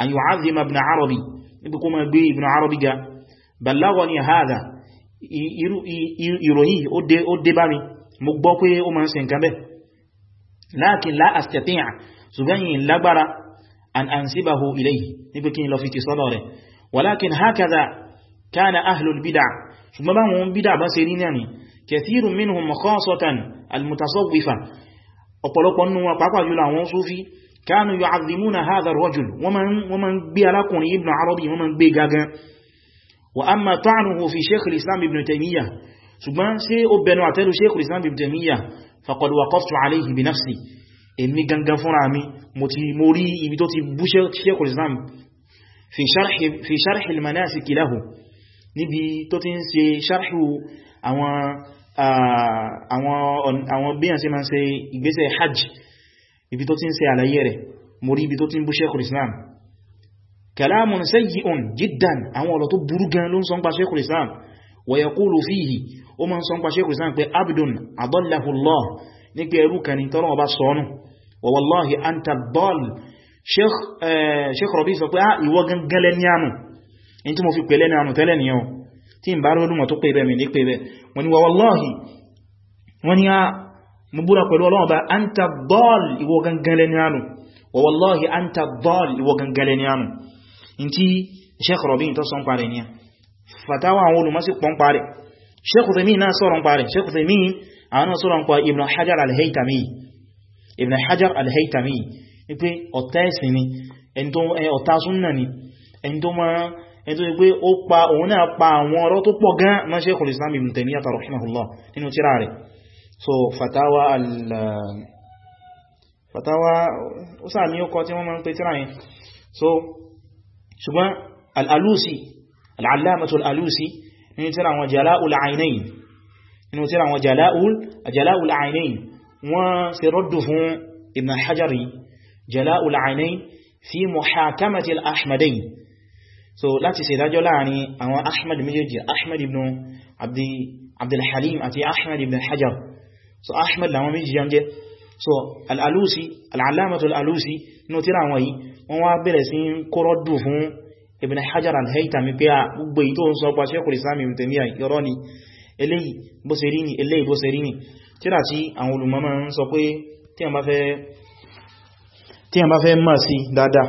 أن يعظم ابن عربي يبقوم به ابن عربي بلغني هذا يروهي أدي بامي مقبوكي أمان سنكبه لكن لا أستطيع سبعين لبرا أن أنسبه إليه يبقين لو في تصدره ولكن هكذا كان أهل البدع ثم بهم بدع بسيرين يعني كثير منهم خاصة المتصوفة أقول لكم أنه وقعقوا يلا وصوفي كانوا يعظمون هذا الرجل ومن ومن بيلاكون ابن عربي ومن بيغاغا واما طعنه في شيخ الاسلام ابن تيميه سبحان سي وبنو اتلو شيخ الاسلام ابن تيميه فقد وقفت عليه بنفسي èmi gangan fúnra mi mo ti mo rí ibi tó ti bú Sheikhul Islam fi sharhi fi sharhi al-manasik lahu níbi tó ti ń ṣe sharhu àwọn àwọn àwọn bí yàn ń ṣe ìgbésẹ̀ hajj ibi tó ti ń ṣe àlàyé rẹ̀ mo rí ibi tó ti ń bú Sheikhul Islam kalamun sayyi'un jiddan àwọn ọ̀rọ̀ tó burú gan ló ń sọ́npa Sheikhul Islam wa yaqulu fihi ó ma ń sọ́npa Sheikhul Islam pé abdun adallahu Allah ní pé ẹrú kan ní tọ́rọ ọba sọ́nù wa wallahi anta dal Sheikh Rabi sọ pé ah, ìwọ gangan wọ́n ni a ah, mo búra pẹ̀lú ọlọ́run bá anta dọ́l ìwọ gangan lẹ́ni ànú wa wallahi anta dọ́l ìwọ gangan lẹ́ni ànú in ti sheikh robin tó sọ ń parẹ̀ ní fatawa àwọn olùmọ́sí pọ̀ ń parẹ̀ sheikh uthaymeen náà sọ̀rọ̀ ń parẹ̀ sheikh uthaymeen àwọn náà sọ̀rọ̀ ń pa ibn hajar al-haytami ibn hajar al-haytami wípé ọ̀tá ẹ̀sìn ni ọ̀tá súnnà ó pa òun náà pa àwọn ọ̀rọ̀ tó pọ̀ gan-an sheikh al-islam ibn taymiyyah rahimahullah nínú tírà rẹ̀ so fatawa al um, fatawa ó sáà ní ọkọ̀ tí wọ́n máa ń pè tíra yẹn so ṣùgbọ́n al'alusi al'alamatul alusi nínú tíra wọn jala'ul ainain nínú tíra wọn jala'ul ainain wọ́n ṣe rọ́dù fún ibn hajjari jala'ul ainain fi muhakamati al'ahmadain so láti ṣe ìdájọ́ láàrin àwọn ahmad méjèèjì ahmad ibn abdulhalim àti ahmad ibn hajjar so ahmed làwọn méjì yàn jẹ́ so al'alusi al'alamatul alusi ní tíra àwọn yìí wọ́n wá bẹ̀rẹ̀ sí kọ́rọ̀dù fún ibn hajar al-haytami pé a ah, gbogbo ìtò ń sọ pa shekul islami mutemiya yọrọ ni eléyìí bó ṣe rí ni eléyìí bó ṣe rí ni tíra tí àwọn olùmọ̀ máa ń sọ pé tí a bá fẹ́ mọ̀ sí dáadáa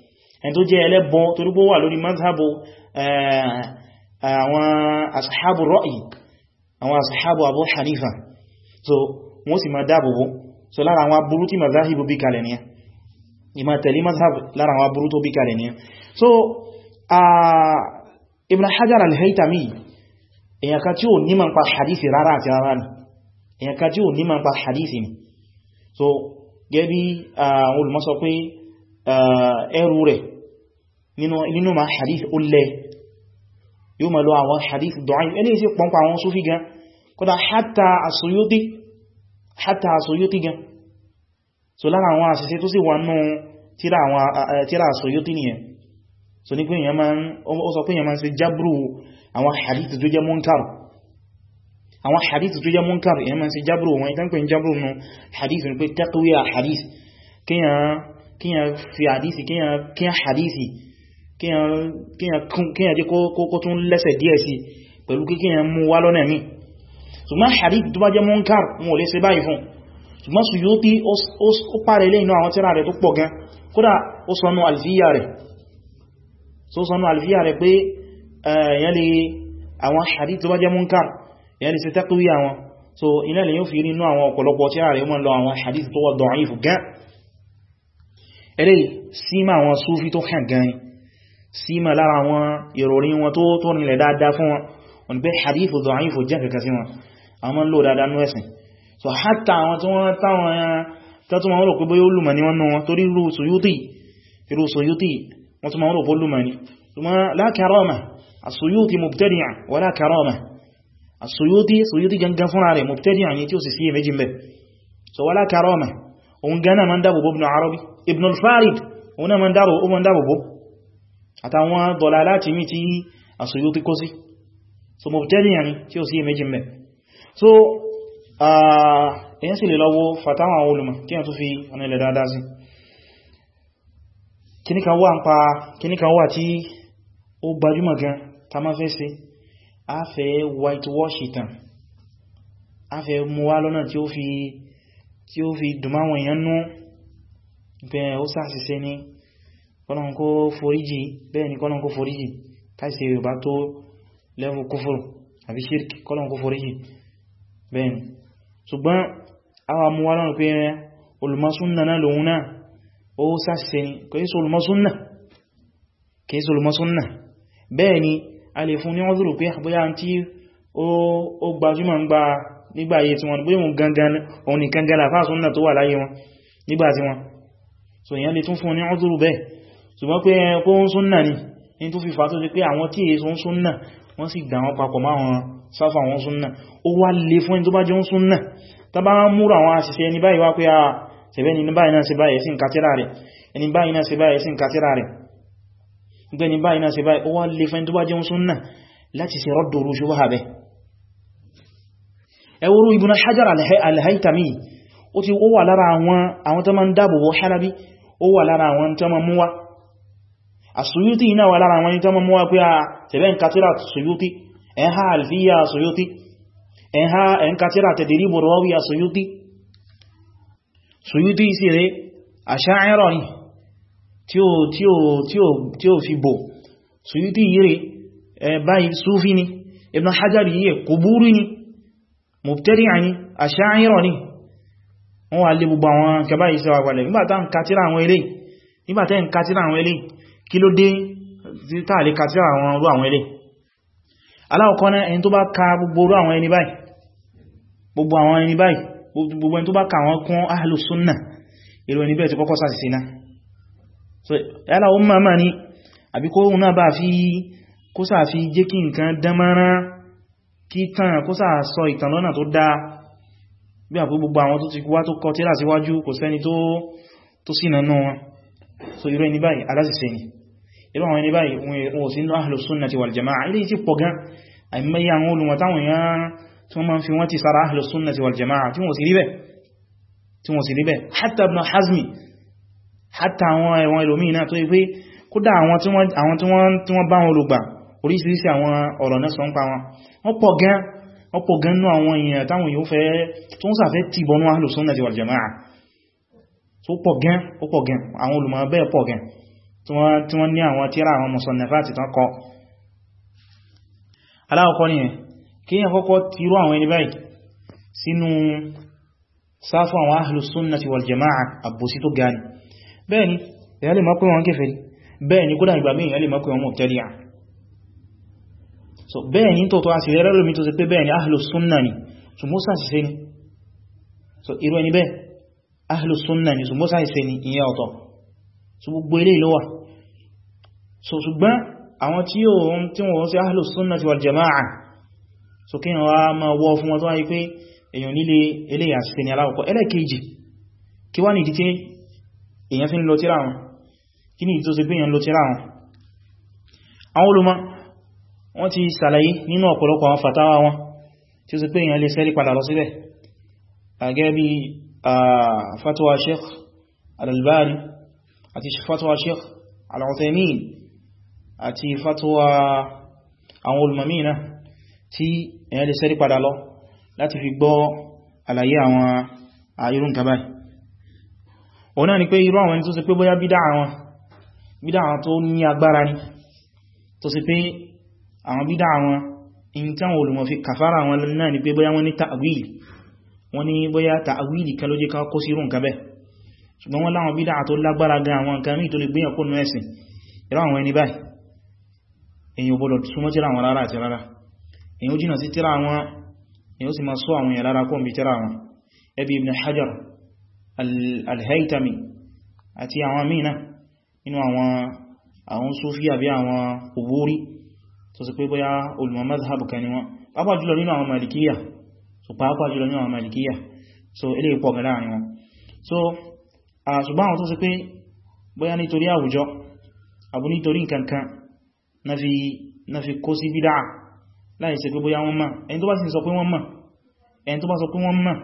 ẹni tó jẹ́ ẹlẹ́bọn torí pé ó wà lórí mazhabu eh, eh, àwọn ashabu ra'i àwọn ashabu Abu Hanifa so wọ́n sì máa dáàbòbò so lára àwọn aburú tí mazhabu bí kalẹ̀ ni ìmá tẹ̀lé mazhab lára àwọn aburú tó bí kalẹ̀ ni so Ibn Hajar al-Haytami èyàn kan tí ó ní ma ń pa hadithi rárá àti rárá ni èyàn tí ó ní ma ń pa hadithi ni so gẹ́bí eh, àwọn olùmọ́sọ pé ẹrù rẹ̀ nínú ma hadith ó lẹ́ yóò ma lọ àwọn hadith da'if ẹni sí pọ̀npọ̀ àwọn Sufi gan kódà hatta as-Suyuti hatta as-Suyuti gan so lára àwọn àṣìṣẹ́ tó sì wà nú tíra as-Suyuti nìyẹn so ní pé èyàn ma ń ṣe jábrù àwọn hadith tó jẹ́ munkar àwọn hadith tó jẹ́ munkar èyàn ma ń ṣe jábrù wọn ìtàn pé jábrù kíyàn jẹ́ kó tún lẹ́sẹ̀ díẹ̀ sí pẹ̀lú kíyàn mú wá lọ́nà mí ṣùgbọ́n hadith tó bá jẹ́ munkar wọn ò lè ṣe báyìí fún ṣùgbọ́n Suyuti ó pàrẹ ilé inú àwọn tírà rẹ̀ tó pọ̀ gan kódà ó sọnù alfiya rẹ̀ so sọnù alfiya rẹ̀ pé èyàn lè àwọn hadith tó bá jẹ́ munkar èyàn lè ṣe taqwi àwọn so iná lè yóò fi nínú àwọn ọ̀pọ̀lọpọ̀ tírà rẹ̀ mọ́ lọ àwọn hadith tó wà da'ifu gan eléyìí símà àwọn Sufi tó hàn gan ni símà lára wọn ìròrí wọn tó tó nílẹ̀ dáadáa fún wọn wọn ni pé hadithu dha'ifu jẹ́ kẹkẹ sí wọn àwọn mọ́ lò dáadáa ní ẹ̀sìn so hátà àwọn tí wọ́n táwọn tẹ́tùmọ̀ wọ́n rò pé bóyá olùmọ̀ ni wọ́n nù wọn torí irú Suyuti irú Suyuti wọ́n tún ma rò pé olùmọ̀ ni la karama as-Suyuti mubtadi'a wala karama as-Suyuti Suyuti gangan fúnra so wala karama òun gánà ma ń dábòbò Ibn Arabi Ibn al-Farid òun náà ma ń dábòbò àtàwọn dọ̀lá láti mí tí àṣòyó tí kó sí so mo tẹ́lẹ̀ yàn ní tí ó sí èméjì mẹ́ so èyàn sì lè lọ́wọ́ fàtàwọn àwọn olùmọ̀ tí yàn tó fi ọ̀nà ilẹ̀ dáadáa sí kíníkan wà ń pa kíníkan wà tí ó gbajúmọ̀ gan ta máa fẹ́ sí a fẹ́ whitewash ìtàn a fẹ́ mú wá lọ́nà tí ó fi dùnmáwọn èèyàn nú bẹ́ẹ̀ ó sáà sí sẹ́ kọ́nà kó foríjì bẹ́ẹ̀ ni kọ́nà kó foríjì táìsí yorùbá tó lẹ́wọ́ kúfùrù àbí ṣírkì kọ́nà kó foríjì bẹ́ẹ̀ ni ṣùgbọ́n àwa mú wá lọ́nà pé olùmọ́súnnà náà lòun náà ó sáṣẹ́ ni kèéṣe olùmọ́súnnà kèéṣe olùmọ́súnnà bẹ́ẹ̀ ni a lè fún ní wọ́n zùrù pé bóyá tí ó gbajúmọ̀ ń gba nígbà ayé tí wọ́n bóyá òun gangan òun nìkan gan láfáà súnnà tó wà láyé wọn nígbà tí wọn so ìyẹn lè tún fún ní wọ́n bẹ́ẹ̀ ṣùgbọ́n pé kó ń súnnà ní ní tó fi fà tó ti pé àwọn tí èso ń súnnà wọ́n sì dà wọn papọ̀ máwọn sáfà wọn súnnà ó wá lè fún ẹni tó bá jẹ́ ń súnnà tàbá múrò àwọn àṣìṣe ẹni báyìí wá pé a ah, ṣẹ̀bẹ́ ni báyìí náà ṣe báyìí sí nkàtírà rẹ̀ ẹni báyìí náà ṣe báyìí sí nkàtírà rẹ̀ gbé ni báyìí náà ṣe báyìí ó wá lè fún ẹwúrú Ibn Hajar al-Haytami ó ti ó wà lára àwọn tó máa ń dáàbò wọ́ Halabi ó wà lára àwọn tó máa mú wá As-Suyuti iná wà lára wọn ní tọ́mọ́ mọ́ pé a tẹ̀bẹ́ ń katira Suyuti ẹn ha alfiya Suyuti ẹn ha ẹn katira tadribu rawi Suyuti Suyuti sí rẹ̀ Ash'ari ni tí ó tí ó tí ó tí ó fi bò Suyuti yìí rẹ̀ báyìí Sufi ni Ibn Hajar yìí kúbúrú ni mubtadi'a ni Ash'ari ni wọ́n wà lè gbogbo àwọn kẹbáyìí sọ àwàlẹ̀ ń katira àwọn eléyìí kí ló dé tààlé kàtí àwọn orú àwọn ilé aláwọ̀kọ́ náà ẹni tó bá ka gbogbo orú àwọn ẹni báyìí gbogbo àwọn ẹni tó bá ka àwọn kún ahlu sunna ẹni bẹ́ẹ̀ tó kọ́kọ́ sàtìsí náà so yálà ó máa máa ní àbí kó òun náà bá fi kó sáà fi jẹ́ kí nǹkan dánmọ́rán kí tàn kó sáà sọ ìtàn lọ́nà tó dáa bí àpò gbogbo àwọn tó ti wá tó kọ tí láti wájú kò sẹ́ni tó sínà náà wọn so irú ẹni báyìí irú àwọn ẹni báyìí wọn ò sí inú ahlus sunnati wal jama'a ilé tí pọ̀ gan àìmẹ́yí àwọn olùmọ̀ táwọn èèyàn tí wọ́n máa ń fi wọ́n ti sára ahlus sunnati wal jama'a tí wọ́n sì rí bẹ́ẹ̀ tí wọ́n sì rí bẹ́ẹ̀ hatta ibn hazmi hatta àwọn ẹ̀wọ̀n ẹlòmíì náà tó yí pé kódà àwọn tí wọ́n bá wọn olùgbà oríṣiríṣi àwọn ọ̀rọ̀ náà sọ ń pa wọn tí wọ́n ní àwọn tíra àwọn musannafati tán kọ aláwọ̀kọ́ ni kí yẹn kọ́kọ́ tíró àwọn ẹni báyìí sínú sáfún àwọn ahlus sunnati wal jama'a àbòsí tó gani bẹ́ẹ̀ni èyàn lè mọ́kún wọn kèfèrí bẹ́ẹ̀ni kódà ìgbà mí èyàn lè mọ́kún wọn mubtadi'a so gbogbo ilé ìlọ́wà so ṣùgbọ́n àwọn tí ó ń tí wọ́n sí ahlus sunnati wal jama'a so kí wọ́n ma wọ́ fún wọn tó wáyé pé èyàn nílé ilé àṣìfẹ́ ni aláwọ̀kọ́ ẹlẹ́kejì kí wá ní ìdíté èyàn fi ń lọ tíra wọn kí ní ìtó ah, al-Albani àti fatwa sheikh al-Uthaymin àti fatwa àwọn olùmọ̀mínà tí èyàn lè sẹ́rí padà lọ láti fi gbọ́ àlàyé àwọn ayírù nǹkan báyìí òun náà ni pé irú àwọn ẹni tó ṣe pé bóyá bídá àwọn bídá àwọn tó ní agbára ni tó ṣe pé àwọn bídá àwọn in olùmọ̀ fi kàfàrà àwọn náà ni pé bóyá wọ́n ní ta'wil kan ló jẹ́ ká kó sírù nǹkan bẹ́ẹ̀ ṣùgbọ́n wọ́n láwọn bídá tó lágbára gan àwọn nǹkan mí tó lè gbéyàn kó nú ẹ̀sìn ìrá àwọn ẹni báyìí èyàn gbọ́dọ̀ súnmọ́ tíra àwọn rárá àti rárá èyàn jìnà sí tíra àwọn èyàn sì máa sọ àwọn èyàn lára kóǹbí tíra àwọn ẹbí ibn hajar al-haytami àti àwọn mìíràn nínú àwọn àwọn sufi àbí àwọn òwúrí tó sì pé bóyá olùmọ̀ mazhab kan ni wọn pàápàá jùlọ nínú àwọn so ilé ìpọ̀ gẹ̀lá àrin wọn so Ah, ṣùgbọ́n àwọn tó ṣe pé bóyá nítorí àwùjọ àbú nítorí nkankan na fi kó sí bídá láì ṣe pé bóyá wọ́n mọ̀ ẹni tó bá sì sọ pé wọ́n mọ̀ ẹni tó bá sọ pé wọ́n mọ̀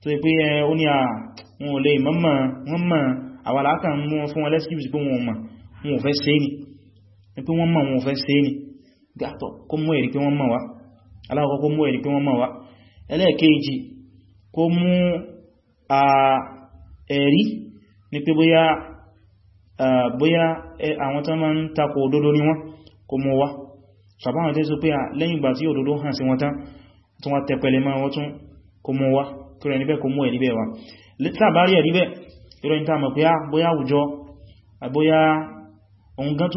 tó yẹ pé eh, ó ní àwọn olè mọ́mọ̀ wọ́n mọ̀ àwàlákà mú wọn fún wọn lẹ́sìkìbìsì pé wọn mọ̀ ẹ̀rí ní pé bóyá bóyá àwọn tán máa ń takò òdodo ní wọ́n kò mọ̀ wá sàbáwọn tẹ́ sọ pé lẹ́yìn ìgbà tí òdodo hàn sí wọn tán tún wá tẹpẹlẹ máa wọ́n tún kò mọ̀ wá kí rẹ̀ níbẹ̀ kò mọ̀ ẹ̀ níbẹ̀ wá tàbárí ẹ̀ níbẹ̀ ìròyìn tá mọ̀ pé bóyá àwùjọ àbóyá òun gan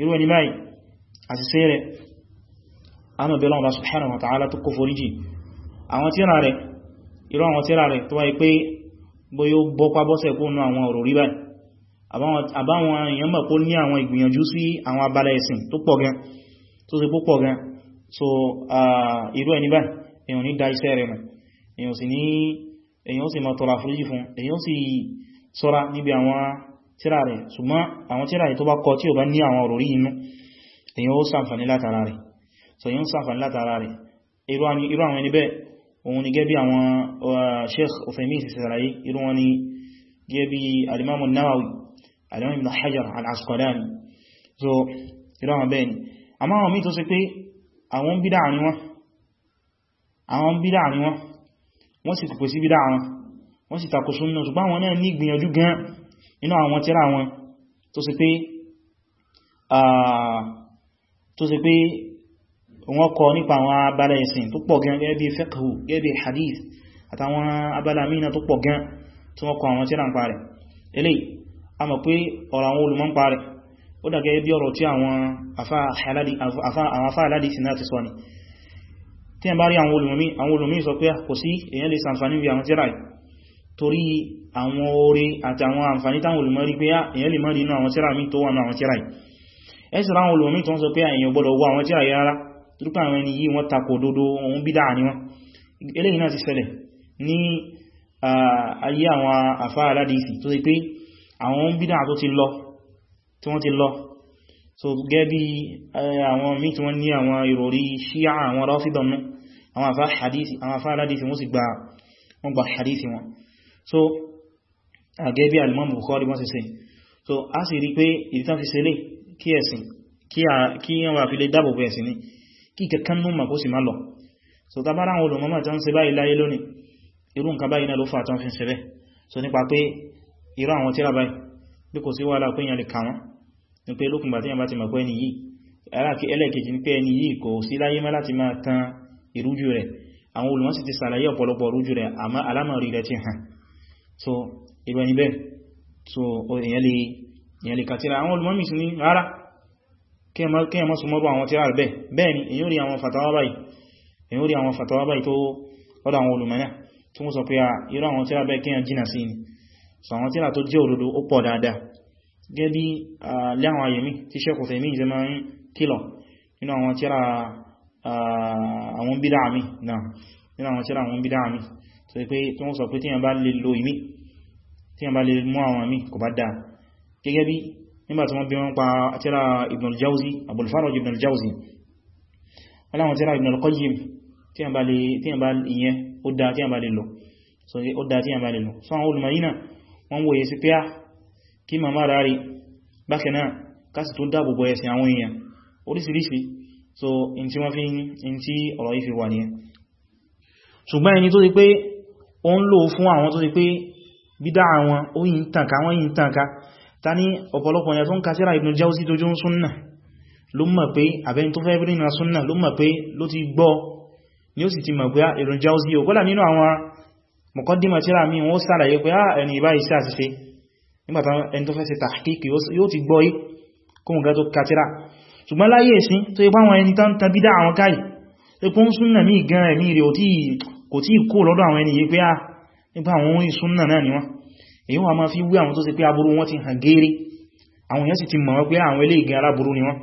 irú ẹni báyìí àṣìṣe rẹ̀ anàbẹ̀lọ́wọ́ bá subhanahu wa ta'ala tó kó foríjì àwọn tíra rẹ̀ irú àwọn tíra rẹ̀ tó wáyé pé bóyó bọ́pá bọ́sẹ̀ kó nú àwọn ọ̀rọ̀ rí báyìí àbáwọn èèyàn mọ̀ kó ní àwọn so irú ẹni báyìí èèyàn ní dá iṣẹ́ rẹ̀ mọ̀ èèyàn sì mọ̀ tọrọ àforíjì àwọn tíra rẹ̀ ṣùgbọ́n àwọn tíra yìí tó bá kọ tí ò bá ní àwọn òròrí inú èyàn ó sàǹfàní látara rẹ̀ so yíò sàǹfàní látara rẹ̀ irú àwọn ẹni bẹ́ẹ̀ òun ni gẹ́bí àwọn uh, sheikh ofemis ìsìsàlàyé irú wọn ni gẹ́bí alimamun nawawi alimamun ibn hajar al-asqalani so irú àwọn bẹ́ẹ̀ ni àmá àwọn mí tó ṣe pé àwọn bídà ni wọ́n sì pèsè bídà wọn wọ́n sì takò súnnà ṣùgbọ́n àwọn náà ní ìgbìyànjú gan inú àwọn tíra wọn tó sì pé tó sì pé wọ́n kọ nípa àwọn abala ẹ̀sìn tó pọ̀ gan gẹ́gẹ́ bí fiqhu hadith àtàwọn abala mìíràn tó pọ̀ gan tí wọ́n kọ àwọn tíra ń parẹ̀ eléyìí a mọ̀ pé ọ̀rọ̀ àwọn olùmọ̀ ń parẹ̀ ó dà gẹ́gẹ́ bí ọ̀rọ̀ tí àwọn afá aládìí sí náà ti sọ ni tí ẹ bá rí àwọn olùmọ̀ mi sọ pé kò sí èyàn lè sàǹfàní bí àwọn tíra yìí torí àwọn oore àti àwọn àǹfàní táwọn olùmọ́ rí pé ah, èyàn lè mọ́ rí inú àwọn tíra mi tó wà ní àwọn tíra yìí ẹ́sìrá àwọn olùmọ́ tó ń sọ pé ah, èyàn gbọ́dọ̀ wọ àwọn tíra yìí rárá àwọn ẹni yìí wọ́n takò dodo ohun bídá ni wọ́n eléyìí náà ti ṣẹlẹ̀ ní ayé àwọn àfá aládìsì so gẹ́ bí àwọn míì tí wọ́n ní àwọn ìròrí ṣíà àwọn rọ́fídọ̀nù àwọn àfá aládìsì wọ́n sì so àgẹ́ bí alimọ́mù Bukhari wọ́n ti ṣe so a sì rí pé ìdítàn fi ṣẹlẹ̀ kí ẹ̀sìn kí wọ́n wà fi lè dáàbò bẹ̀ẹ̀sìn ní kí kẹkàn nù màkó sì má lọ so tabara àwọn olùmọ́mà tán ṣe báyìí láyé lónìí irú nǹkan báyìí náà ló fà tán fi ṣe bẹ́ so nípa pé irú àwọn tíra báyìí bí kò sí wàhálà pé èèyàn lè kà wọ́n ní pé lókùn bàtí èèyàn bá ti mọ̀ pé ẹni yìí ẹlẹ́ẹ̀kejì ní pé ẹni yìí kò sí láyé mọ́ láti máa tan ìrújú rẹ̀ àwọn olùmọ́sí ti sàlàyé ọ̀pọ̀lọpọ̀ ìrújú rẹ̀ àmọ́ alámọ̀rí rẹ̀ so irú ẹni bẹ́ẹ̀ so èyàn lè kàtíra àwọn olùmọ́mí sí ní rárá kí ẹ mọ́ súnmọ́rọ̀ àwọn tíra bẹ́ẹ̀ bẹ́ẹ̀ ni èyàn rí àwọn fatawa báyìí èyàn rí àwọn fatawa báyìí tó ọ̀dọ̀ àwọn olùmọ́nà tí wọ́n sọ pé irú àwọn tíra bẹ́ẹ̀ kí ẹ jìnà sí ni so àwọn tíra tó jẹ́ òdodo ó pọ̀ dáadáa gẹ́ bí láwọn ayẹ̀mí tí sẹ́kù fẹ̀mí so pé tí wọ́n sọ pé tí yàn bá lè lo ìmí tí yàn bá lè mú àwọn ìmí kò bá dáa gẹ́gẹ́ bí nígbàtí wọ́n bí wọ́n pa àtírà Ibn al-Jawzi Abul Faraj Ibn al-Jawzi wọ́n láwọn àtírà Ibn al-Qayyim tí yàn bá lè ìyẹn ó dáa tí yàn bá lè lò so ó dáa tí yàn bá lè lò so àwọn olùmọ̀yínà wọ́n wòye sí pé ah, kí màmá rà rí bákan náà kásì tó dáàbò bọ ẹ̀sìn àwọn èèyàn oríṣiríṣi so in tí wọ́n fi in tí ọ̀rọ̀ yìí fi wà nìyẹn ṣùgbọ́n ẹni tó ti pé ó ń lò fún àwọn tó sì pé bídá àwọn oyin tànká wọ́n yìí tànká ta ní ọ̀pọ̀lọpọ̀ yẹn tó ń kásíra Ibn Jawzi tó jọ ń súnnà ló mọ̀ pé àbẹ́ni tó fẹ́ bí nínú ni ó sì ti mọ̀ pé ah, Ibn Jawzi ò kọ́lá nínú àwọn mọ̀kọ́dímọ̀ tíra mi wọ́n sàlàyé pé ah, ẹni ìbá iṣẹ́ àṣìṣe nígbàtà ẹni tó fẹ́ ṣe tàkíkì yóò ti gbọ́ yí kóhùn gẹ́ tó ṣùgbọ́n láyé ìsìn tó ipá àwọn ẹni tán tàbídá àwọn káyì tó súnnà ní ìgan ẹ̀mí rẹ̀ ò tí kò tí kó lọ́dọ̀ àwọn ẹni yìí pé a ah, nípa àwọn orin súnnà náà ni wọ́n èyí wà máa fi wé àwọn tó ṣe pé aburú wọn ti hàn gẹ́rẹ́ àwọn èèyàn sì ti mọ̀ pé ah, àwọn ilé ìgẹ́ aláburú ni wọ́n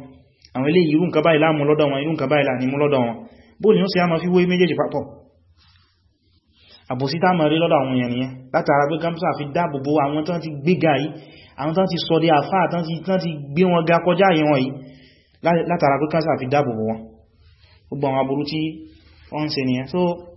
àwọn ilé irú nǹkan báyìí láàmú lọ́dọ̀ wọn irú nǹkan báyìí láàní mú lọ́dọ̀ wọn bó ni ó sì á máa fi wé méjèèjì papọ̀ àbòsí táàmà rí lọ́dọ̀ àwọn èèyàn látara pé gámsà fi dáàbòbò àwọn tán ti gbéga yìí àwọn tán ti sọ dé àfá tán ti gbé wọn ga kọjá ìwọ̀n yìí látara pé gámsà fi dáàbòbò wọn gbogbo àwọn aburú tí wọ́n ń ṣe nìyẹn so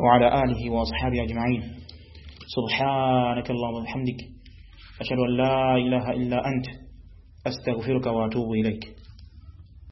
وعلى آله وأصحابه أجمعين سبحانك اللهم وبحمدك أشهد أن لا إله إلا أنت أستغفرك وأتوب إليك